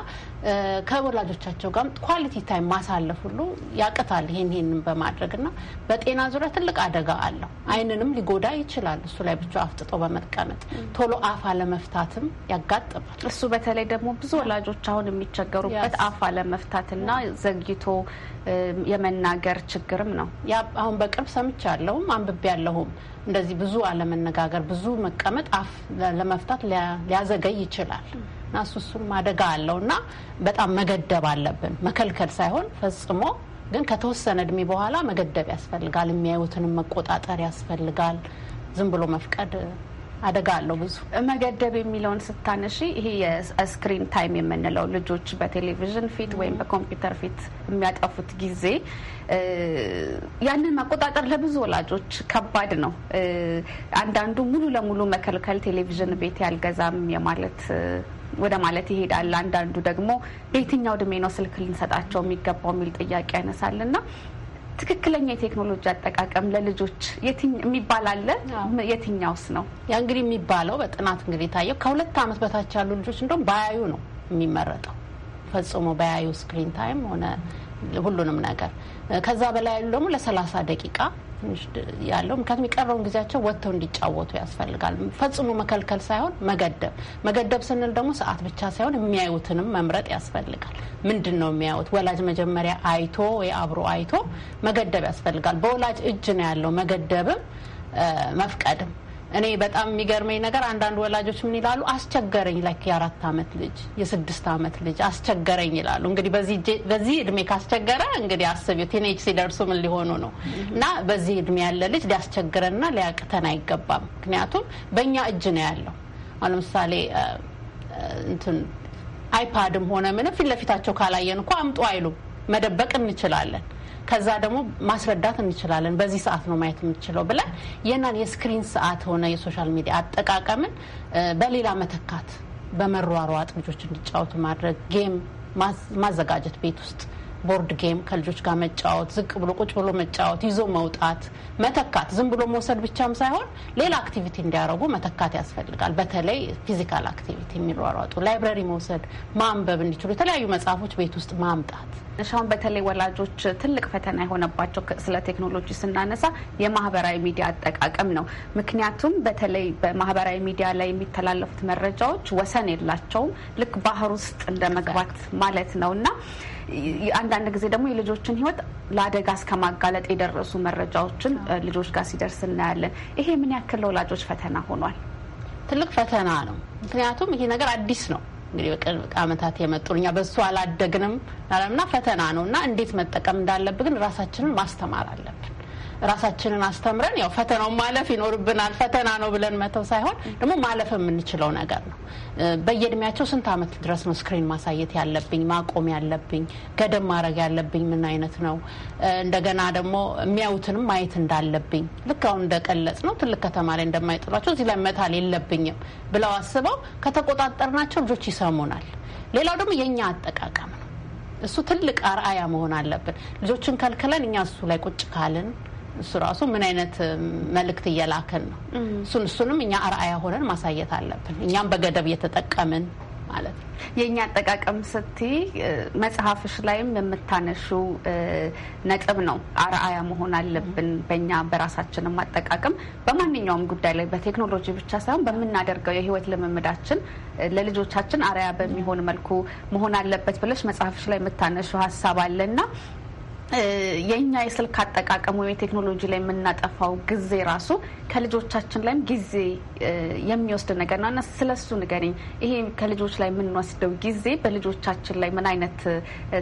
ከወላጆቻቸው ጋር ኳሊቲ ታይም ማሳለፍ ሁሉ ያቅታል። ይሄን ይሄንን በማድረግ ና በጤና ዙሪያ ትልቅ አደጋ አለው። አይንንም ሊጎዳ ይችላል። እሱ ላይ ብቻ አፍጥጦ በመቀመጥ ቶሎ አፍ አለመፍታትም ያጋጥማል። እሱ በተለይ ደግሞ ብዙ ወላጆች አሁን የሚቸገሩበት አፍ አለመፍታትና ዘግይቶ የመናገር ችግርም ነው። ያ አሁን በቅርብ ሰምቻለሁም አንብቤ ያለሁም እንደዚህ ብዙ አለመነጋገር፣ ብዙ መቀመጥ አፍ ለመፍታት ሊያዘገይ ይችላል። እና እሱ አደጋ አለው እና በጣም መገደብ አለብን። መከልከል ሳይሆን ፈጽሞ ግን ከተወሰነ እድሜ በኋላ መገደብ ያስፈልጋል። የሚያዩትንም መቆጣጠር ያስፈልጋል። ዝም ብሎ መፍቀድ አደጋ አለው። ብዙ መገደብ የሚለውን ስታነሺ ይሄ የስክሪን ታይም የምንለው ልጆች በቴሌቪዥን ፊት ወይም በኮምፒውተር ፊት የሚያጠፉት ጊዜ ያንን መቆጣጠር ለብዙ ወላጆች ከባድ ነው። አንዳንዱ ሙሉ ለሙሉ መከልከል ቴሌቪዥን ቤት ያልገዛም የማለት ወደ ማለት ይሄዳል። አንዳንዱ ደግሞ በየትኛው እድሜ ነው ስልክ ልንሰጣቸው የሚገባው የሚል ጥያቄ ያነሳል እና ትክክለኛ የቴክኖሎጂ አጠቃቀም ለልጆች የሚባል አለ። የትኛውስ ነው? ያ እንግዲህ የሚባለው በጥናት እንግዲህ የታየው ከሁለት ዓመት በታች ያሉ ልጆች እንደውም ባያዩ ነው የሚመረጠው። ፈጽሞ ባያዩ ስክሪን ታይም ሆነ ሁሉንም ነገር። ከዛ በላይ ያሉ ደግሞ ለሰላሳ ደቂቃ ያለው ምክንያቱም የቀረውን ጊዜያቸው ወጥተው እንዲጫወቱ ያስፈልጋል። ፈጽሞ መከልከል ሳይሆን መገደብ። መገደብ ስንል ደግሞ ሰዓት ብቻ ሳይሆን የሚያዩትንም መምረጥ ያስፈልጋል። ምንድን ነው የሚያዩት? ወላጅ መጀመሪያ አይቶ ወይ አብሮ አይቶ መገደብ ያስፈልጋል። በወላጅ እጅ ነው ያለው መገደብም መፍቀድም እኔ በጣም የሚገርመኝ ነገር አንዳንድ ወላጆች ምን ይላሉ? አስቸገረኝ ላይክ የአራት አመት ልጅ የስድስት ዓመት ልጅ አስቸገረኝ ይላሉ። እንግዲህ በዚህ እድሜ ካስቸገረ እንግዲህ አስብ ቲኔጅ ሲደርሱ ምን ሊሆኑ ነው እና በዚህ እድሜ ያለ ልጅ ሊያስቸግረንና ሊያቅተን አይገባም። ምክንያቱም በእኛ እጅ ነው ያለው። አሁን ለምሳሌ እንትን አይፓድም ሆነ ምንም ፊት ለፊታቸው ካላየን እኮ አምጡ አይሉም። መደበቅ እንችላለን። ከዛ ደግሞ ማስረዳት እንችላለን። በዚህ ሰዓት ነው ማየት የምችለው ብለን የናን የስክሪን ሰዓት ሆነ የሶሻል ሚዲያ አጠቃቀምን በሌላ መተካት፣ በመሯሯጥ ልጆች እንዲጫወቱ ማድረግ፣ ጌም ማዘጋጀት ቤት ውስጥ ቦርድ ጌም ከልጆች ጋር መጫወት፣ ዝቅ ብሎ ቁጭ ብሎ መጫወት፣ ይዞ መውጣት፣ መተካት፣ ዝም ብሎ መውሰድ ብቻም ሳይሆን ሌላ አክቲቪቲ እንዲያደርጉ መተካት ያስፈልጋል። በተለይ ፊዚካል አክቲቪቲ የሚሯሯጡ፣ ላይብረሪ መውሰድ፣ ማንበብ እንዲችሉ የተለያዩ መጽሐፎች ቤት ውስጥ ማምጣት። አሁን በተለይ ወላጆች ትልቅ ፈተና የሆነባቸው ስለ ቴክኖሎጂ ስናነሳ የማህበራዊ ሚዲያ አጠቃቀም ነው። ምክንያቱም በተለይ በማህበራዊ ሚዲያ ላይ የሚተላለፉት መረጃዎች ወሰን የላቸውም። ልክ ባህር ውስጥ እንደ መግባት ማለት ነው እና አንዳንድ ጊዜ ደግሞ የልጆችን ህይወት ለአደጋ እስከማጋለጥ የደረሱ መረጃዎችን ልጆች ጋር ሲደርስ እናያለን። ይሄ ምን ያክል ለወላጆች ፈተና ሆኗል? ትልቅ ፈተና ነው። ምክንያቱም ይሄ ነገር አዲስ ነው። እንግዲህ በቅርብ ዓመታት የመጡ እኛ በሱ አላደግንም አለምና ፈተና ነው እና እንዴት መጠቀም እንዳለብን ራሳችንን ማስተማር አለብን። ራሳችንን አስተምረን ያው ፈተናውን ማለፍ ይኖርብናል። ፈተና ነው ብለን መተው ሳይሆን ደግሞ ማለፍ የምንችለው ነገር ነው። በየእድሜያቸው ስንት ዓመት ድረስ ነው ስክሪን ማሳየት ያለብኝ፣ ማቆም ያለብኝ፣ ገደብ ማድረግ ያለብኝ ምን አይነት ነው? እንደገና ደግሞ የሚያዩትንም ማየት እንዳለብኝ ልክ አሁን እንደቀለጽ ነው ትልቅ ከተማ ላይ እንደማይጥሏቸው እዚህ ላይ መታል የለብኝም ብለው አስበው ከተቆጣጠርናቸው ልጆች ይሰሙናል። ሌላው ደግሞ የእኛ አጠቃቀም ነው። እሱ ትልቅ አርአያ መሆን አለብን። ልጆችን ከልክለን እኛ እሱ ላይ ቁጭ ካልን እሱ ራሱ ምን አይነት መልእክት እየላክን ነው? እሱን እሱንም እኛ አርአያ ሆነን ማሳየት አለብን። እኛም በገደብ እየተጠቀምን ማለት ነው። የእኛ አጠቃቀም ስቲ መጽሐፍሽ ላይም የምታነሹ ነጥብ ነው። አርአያ መሆን አለብን በእኛ በራሳችንም አጠቃቀም በማንኛውም ጉዳይ ላይ በቴክኖሎጂ ብቻ ሳይሆን በምናደርገው የህይወት ልምምዳችን ለልጆቻችን አርአያ በሚሆን መልኩ መሆን አለበት ብለሽ መጽሐፍሽ ላይ የምታነሹ ሀሳብ አለ እና የእኛ የስልክ አጠቃቀም ወይም ቴክኖሎጂ ላይ የምናጠፋው ጊዜ ራሱ ከልጆቻችን ላይም ጊዜ የሚወስድ ነገር ነው እና ስለሱ ንገሪኝ። ይሄ ከልጆች ላይ የምንወስደው ጊዜ በልጆቻችን ላይ ምን አይነት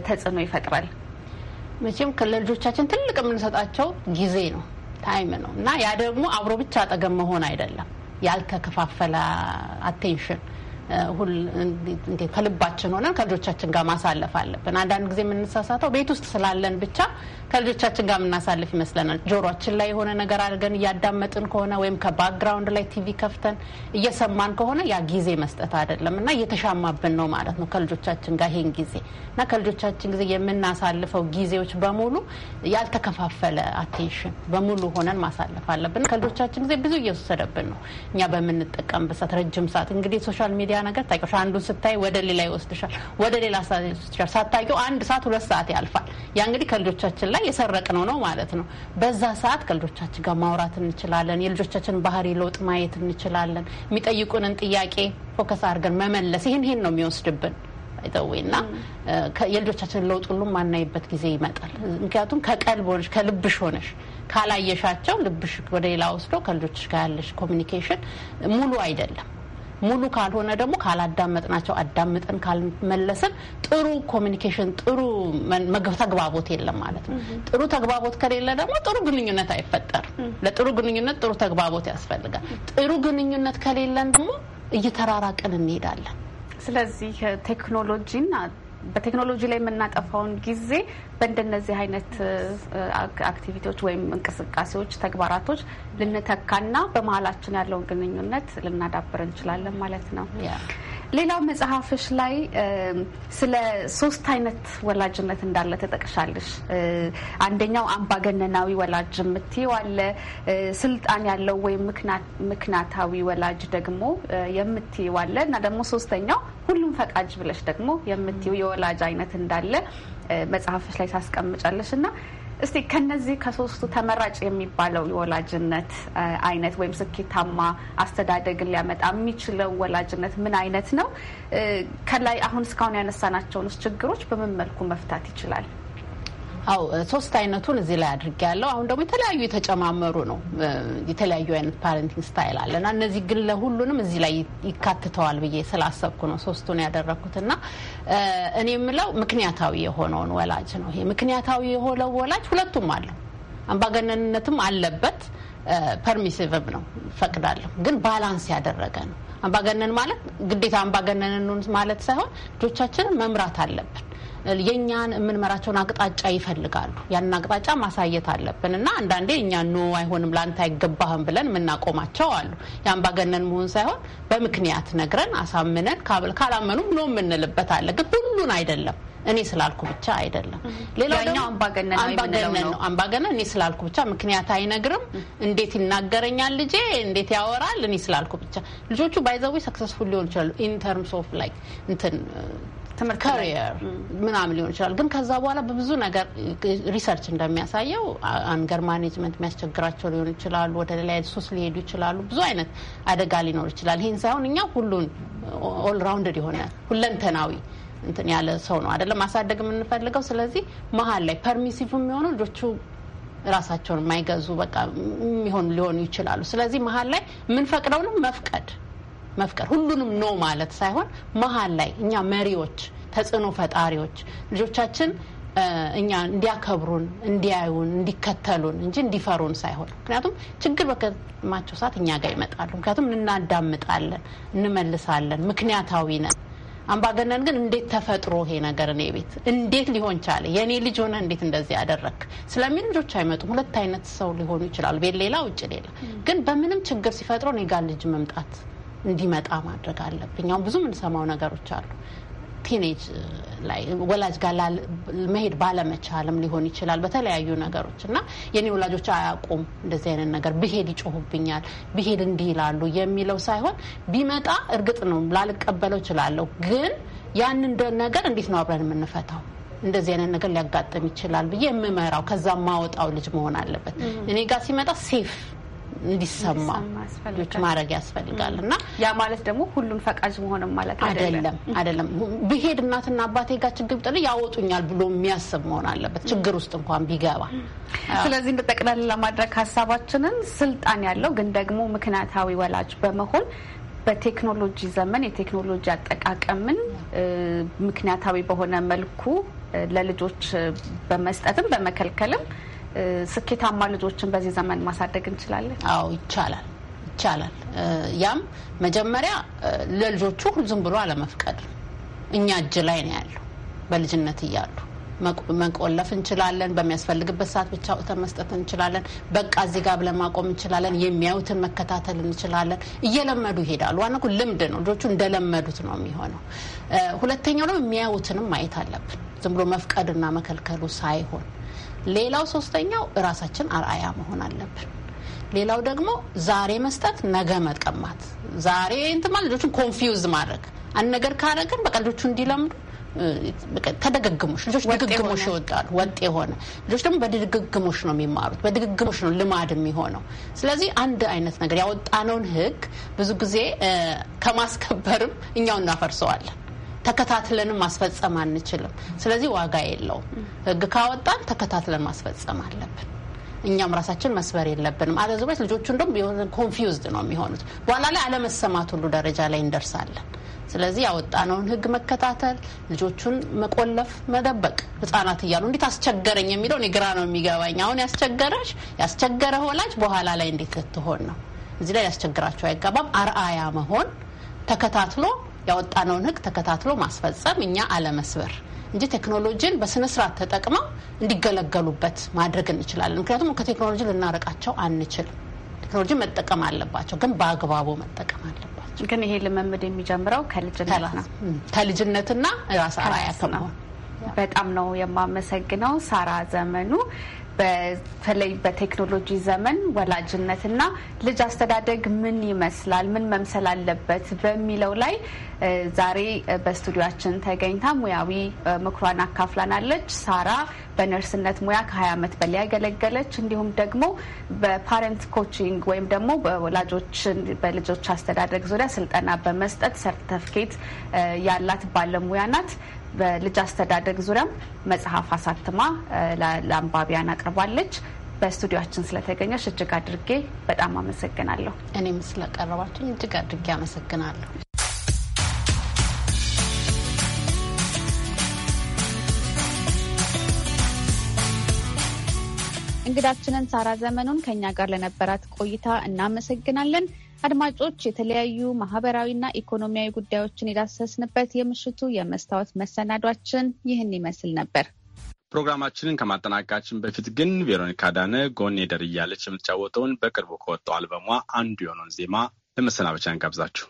ተጽዕኖ ይፈጥራል? መቼም ለልጆቻችን ትልቅ የምንሰጣቸው ጊዜ ነው፣ ታይም ነው እና ያ ደግሞ አብሮ ብቻ አጠገብ መሆን አይደለም፣ ያልተከፋፈለ አቴንሽን ከልባችን ሆነን ከልጆቻችን ጋር ማሳለፍ አለብን። አንዳንድ ጊዜ የምንሳሳተው ቤት ውስጥ ስላለን ብቻ ከልጆቻችን ጋር የምናሳልፍ ይመስለናል። ጆሮችን ላይ የሆነ ነገር አድርገን እያዳመጥን ከሆነ ወይም ከባክግራውንድ ላይ ቲቪ ከፍተን እየሰማን ከሆነ ያ ጊዜ መስጠት አይደለም እና እየተሻማብን ነው ማለት ነው ከልጆቻችን ጋር ይሄን ጊዜ እና ከልጆቻችን ጊዜ የምናሳልፈው ጊዜዎች በሙሉ ያልተከፋፈለ አቴንሽን በሙሉ ሆነን ማሳለፍ አለብን። ከልጆቻችን ጊዜ ብዙ እየወሰደብን ነው እኛ በምንጠቀምበት ሰዓት ረጅም ሰዓት እንግዲህ ሶሻል ሚዲያ ሌላ ነገር ታይቀሽ አንዱን ስታይ ወደ ሌላ ይወስድሻል፣ ወደ ሌላ ሰዓት ይወስድሻል። ሳታውቂው አንድ ሰዓት ሁለት ሰዓት ያልፋል። ያ እንግዲህ ከልጆቻችን ላይ የሰረቅ ነው ነው ማለት ነው። በዛ ሰዓት ከልጆቻችን ጋር ማውራት እንችላለን። የልጆቻችን ባህሪ ለውጥ ማየት እንችላለን። የሚጠይቁንን ጥያቄ ፎከስ አድርገን መመለስ ይህን ይህን ነው የሚወስድብን ይዘዌና የልጆቻችን ለውጥ ሁሉ ማናይበት ጊዜ ይመጣል። ምክንያቱም ከቀልብ ሆነሽ ከልብሽ ሆነሽ ካላየሻቸው ልብሽ ወደ ሌላ ወስዶ ከልጆችሽ ጋር ያለሽ ኮሚኒኬሽን ሙሉ አይደለም። ሙሉ ካልሆነ ደግሞ ካላዳመጥናቸው አዳምጠን ካልመለስን ጥሩ ኮሚኒኬሽን፣ ጥሩ ተግባቦት የለም ማለት ነው። ጥሩ ተግባቦት ከሌለ ደግሞ ጥሩ ግንኙነት አይፈጠርም። ለጥሩ ግንኙነት ጥሩ ተግባቦት ያስፈልጋል። ጥሩ ግንኙነት ከሌለን ደግሞ እየተራራቅን እንሄዳለን። ስለዚህ ቴክኖሎጂና በቴክኖሎጂ ላይ የምናጠፋውን ጊዜ በእንደነዚህ አይነት አክቲቪቲዎች ወይም እንቅስቃሴዎች፣ ተግባራቶች ልንተካና በመሀላችን ያለውን ግንኙነት ልናዳብር እንችላለን ማለት ነው። ሌላው መጽሐፍሽ ላይ ስለ ሶስት አይነት ወላጅነት እንዳለ ተጠቅሻለሽ። አንደኛው አምባገነናዊ ወላጅ የምትይው አለ፣ ስልጣን ያለው ወይም ምክንያታዊ ወላጅ ደግሞ የምትይው አለ እና ደግሞ ሶስተኛው ሁሉም ፈቃጅ ብለሽ ደግሞ የምትይው የወላጅ አይነት እንዳለ መጽሐፍሽ ላይ ታስቀምጫለሽ እና እስቲ ከነዚህ ከሶስቱ ተመራጭ የሚባለው የወላጅነት አይነት ወይም ስኬታማ አስተዳደግን ሊያመጣ የሚችለው ወላጅነት ምን አይነት ነው? ከላይ አሁን እስካሁን ያነሳናቸውንስ ችግሮች በምን መልኩ መፍታት ይችላል? አው ሶስት አይነቱን እዚህ ላይ አድርግ ያለው አሁን ደግሞ የተለያዩ የተጨማመሩ ነው። የተለያዩ አይነት ፓረንቲንግ ስታይል አለ እና እነዚህ ግን ለሁሉንም እዚህ ላይ ይካትተዋል ብዬ ስላሰብኩ ነው ሶስቱን እና እኔ የምለው ምክንያታዊ የሆነውን ወላጅ ነው። ይሄ ምክንያታዊ የሆነው ወላጅ ሁለቱም አለው፣ አምባገነንነትም አለበት፣ ፐርሚሲቭም ነው ፈቅዳለሁ፣ ግን ባላንስ ያደረገ ነው። አምባገነን ማለት ግዴታ አምባገነንኑን ማለት ሳይሆን ልጆቻችንን መምራት አለብን የእኛን የምንመራቸውን አቅጣጫ ይፈልጋሉ። ያንን አቅጣጫ ማሳየት አለብን እና አንዳንዴ እኛ ኖ አይሆንም፣ ለአንተ አይገባህም ብለን የምናቆማቸው አሉ። የአምባገነን መሆን ሳይሆን በምክንያት ነግረን አሳምነን ካላመኑም ኖ የምንልበት አለ። ግን ሁሉን አይደለም እኔ ስላልኩ ብቻ አይደለም። ሌላው ደግሞ አምባገነን ነው። አምባገነን እኔ ስላልኩ ብቻ ምክንያት አይነግርም። እንዴት ይናገረኛል ልጄ እንዴት ያወራል እኔ ስላልኩ ብቻ። ልጆቹ ባይዘዊ ሰክሰስፉል ሊሆን ይችላሉ ኢንተርምስ ኦፍ ላይክ እንትን ከሪየር ምናምን ሊሆን ይችላል። ግን ከዛ በኋላ በብዙ ነገር ሪሰርች እንደሚያሳየው አንገር ማኔጅመንት የሚያስቸግራቸው ሊሆን ይችላሉ። ወደ ሌላ ሱስ ሊሄዱ ይችላሉ። ብዙ አይነት አደጋ ሊኖር ይችላል። ይህን ሳይሆን እኛ ሁሉን ኦልራውንድድ የሆነ ሁለንተናዊ እንትን ያለ ሰው ነው አይደለም ማሳደግ የምንፈልገው። ስለዚህ መሀል ላይ ፐርሚሲቭ የሚሆኑ ልጆቹ ራሳቸውን የማይገዙ በቃ የሚሆኑ ሊሆኑ ይችላሉ። ስለዚህ መሀል ላይ የምንፈቅደውንም መፍቀድ መፍቀር ሁሉንም ኖ ማለት ሳይሆን መሀል ላይ እኛ መሪዎች፣ ተጽዕኖ ፈጣሪዎች ልጆቻችን እኛ እንዲያከብሩን፣ እንዲያዩን፣ እንዲከተሉን እንጂ እንዲፈሩን ሳይሆን ምክንያቱም ችግር በከማቸው ሰዓት እኛ ጋር ይመጣሉ። ምክንያቱም እናዳምጣለን፣ እንመልሳለን፣ ምክንያታዊ ነን። አምባገነን ግን እንዴት ተፈጥሮ ይሄ ነገር እኔ ቤት እንዴት ሊሆን ቻለ? የእኔ ልጅ ሆነ እንዴት እንደዚህ ያደረክ ስለሚል ልጆች አይመጡም። ሁለት አይነት ሰው ሊሆኑ ይችላሉ፣ ቤት ሌላ፣ ውጭ ሌላ። ግን በምንም ችግር ሲፈጥሮ እኔ ጋር ልጅ መምጣት እንዲመጣ ማድረግ አለብኝ። አሁን ብዙ የምንሰማው ነገሮች አሉ። ቲኔጅ ላይ ወላጅ ጋር መሄድ ባለመቻልም ሊሆን ይችላል። በተለያዩ ነገሮች እና የኔ ወላጆች አያውቁም እንደዚህ አይነት ነገር ብሄድ ይጮሁብኛል፣ ብሄድ እንዲህ ይላሉ የሚለው ሳይሆን ቢመጣ እርግጥ ነው ላልቀበለው እችላለሁ፣ ግን ያንን ነገር እንዴት ነው አብረን የምንፈታው እንደዚህ አይነት ነገር ሊያጋጥም ይችላል ብዬ የምመራው ከዛ ማወጣው ልጅ መሆን አለበት። እኔ ጋር ሲመጣ ሴፍ እንዲሰማ ማድረግ ያስፈልጋል እና ያ ማለት ደግሞ ሁሉን ፈቃጅ መሆንም ማለት አይደለም። አይደለም ብሄድ እናትና አባቴ ጋር ችግር ብጠ ያወጡኛል ብሎ የሚያስብ መሆን አለበት፣ ችግር ውስጥ እንኳን ቢገባ። ስለዚህ እንደጠቅላላ ለማድረግ ሀሳባችንን ስልጣን ያለው ግን ደግሞ ምክንያታዊ ወላጅ በመሆን በቴክኖሎጂ ዘመን የቴክኖሎጂ አጠቃቀምን ምክንያታዊ በሆነ መልኩ ለልጆች በመስጠትም በመከልከልም ስኬታማ ልጆችን በዚህ ዘመን ማሳደግ እንችላለን? አዎ ይቻላል፣ ይቻላል። ያም መጀመሪያ ለልጆቹ ዝም ብሎ አለመፍቀድ እኛ እጅ ላይ ነው ያለው። በልጅነት እያሉ መቆለፍ እንችላለን። በሚያስፈልግበት ሰዓት ብቻ ውተ መስጠት እንችላለን። በቃ እዚህ ጋር ብለን ማቆም እንችላለን። የሚያዩትን መከታተል እንችላለን። እየለመዱ ይሄዳሉ። ዋና ልምድ ነው። ልጆቹ እንደለመዱት ነው የሚሆነው። ሁለተኛው ደግሞ የሚያዩትንም ማየት አለብን። ዝም ብሎ መፍቀድና መከልከሉ ሳይሆን፣ ሌላው ሶስተኛው እራሳችን አርአያ መሆን አለብን። ሌላው ደግሞ ዛሬ መስጠት ነገ መቀማት፣ ዛሬ እንትማ ልጆችን ኮንፊውዝ ማድረግ አንድ ነገር ካረግን በቃ ልጆቹ እንዲለምዱ ተደግግሞሽ ልጆች ድግግሞሽ ይወጣሉ። ወጥ የሆነ ልጆች ደግሞ በድግግሞሽ ነው የሚማሩት፣ በድግግሞሽ ነው ልማድ የሚሆነው። ስለዚህ አንድ አይነት ነገር ያወጣነውን ህግ ብዙ ጊዜ ከማስከበርም እኛው እናፈርሰዋለን። ተከታትለንም ማስፈጸም አንችልም። ስለዚህ ዋጋ የለውም። ህግ ካወጣን ተከታትለን ማስፈጸም አለብን። እኛም ራሳችን መስበር የለብንም። አለዚበት ልጆቹ እንደም የሆነ ኮንፊውዝድ ነው የሚሆኑት። በኋላ ላይ አለመሰማት ሁሉ ደረጃ ላይ እንደርሳለን። ስለዚህ ያወጣነውን ህግ መከታተል፣ ልጆቹን መቆለፍ፣ መደበቅ ህጻናት እያሉ እንዴት አስቸገረኝ የሚለውን የግራ ነው የሚገባኝ። አሁን ያስቸገረሽ ያስቸገረ ወላጅ በኋላ ላይ እንዴት ልትሆን ነው? እዚህ ላይ ያስቸግራቸው አይገባም። አርአያ መሆን ተከታትሎ ያወጣነውን ህግ ተከታትሎ ማስፈጸም እኛ አለመስበር እንጂ ቴክኖሎጂን በስነ ስርዓት ተጠቅመው እንዲገለገሉበት ማድረግ እንችላለን። ምክንያቱም ከቴክኖሎጂ ልናርቃቸው አንችልም። ቴክኖሎጂ መጠቀም አለባቸው፣ ግን በአግባቡ መጠቀም አለባቸው። ግን ይሄ ልምምድ የሚጀምረው ከልጅነትና ራስ አርአያ በጣም ነው የማመሰግነው ሳራ ዘመኑ በተለይ በቴክኖሎጂ ዘመን ወላጅነትና ልጅ አስተዳደግ ምን ይመስላል፣ ምን መምሰል አለበት በሚለው ላይ ዛሬ በስቱዲያችን ተገኝታ ሙያዊ ምክሯን አካፍላናለች። ሳራ በነርስነት ሙያ ከ20 ዓመት በላይ ያገለገለች እንዲሁም ደግሞ በፓረንት ኮችንግ ወይም ደግሞ በወላጆች በልጆች አስተዳደግ ዙሪያ ስልጠና በመስጠት ሰርተፍኬት ያላት ባለሙያ ናት። በልጅ አስተዳደግ ዙሪያም መጽሐፍ አሳትማ ለአንባቢያን አቅርባለች። በስቱዲዮችን ስለተገኘች እጅግ አድርጌ በጣም አመሰግናለሁ። እኔም ስለቀረባችሁ እጅግ አድርጌ አመሰግናለሁ። እንግዳችንን ሳራ ዘመኑን ከእኛ ጋር ለነበራት ቆይታ እናመሰግናለን። አድማጮች የተለያዩ ማህበራዊና ኢኮኖሚያዊ ጉዳዮችን የዳሰስንበት የምሽቱ የመስታወት መሰናዷችን ይህን ይመስል ነበር። ፕሮግራማችንን ከማጠናቀቃችን በፊት ግን ቬሮኒካ ዳነ ጎን የደር እያለች የምትጫወተውን በቅርቡ ከወጣው አልበሟ አንዱ የሆነውን ዜማ ለመሰናበቻ እንጋብዛችሁ።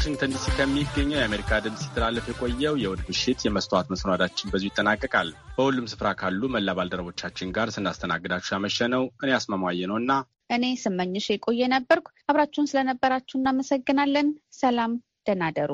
ዋሽንግተን ዲሲ ከሚገኘው የአሜሪካ ድምፅ ሲተላለፍ የቆየው የእሁድ ምሽት የመስተዋት መሰናዳችን በዚሁ ይጠናቀቃል። በሁሉም ስፍራ ካሉ መላ ባልደረቦቻችን ጋር ስናስተናግዳችሁ ነው እኔ አስማማየ ነው እና እኔ ስመኝሽ የቆየ ነበርኩ። አብራችሁን ስለነበራችሁ እናመሰግናለን። ሰላም፣ ደህና እደሩ።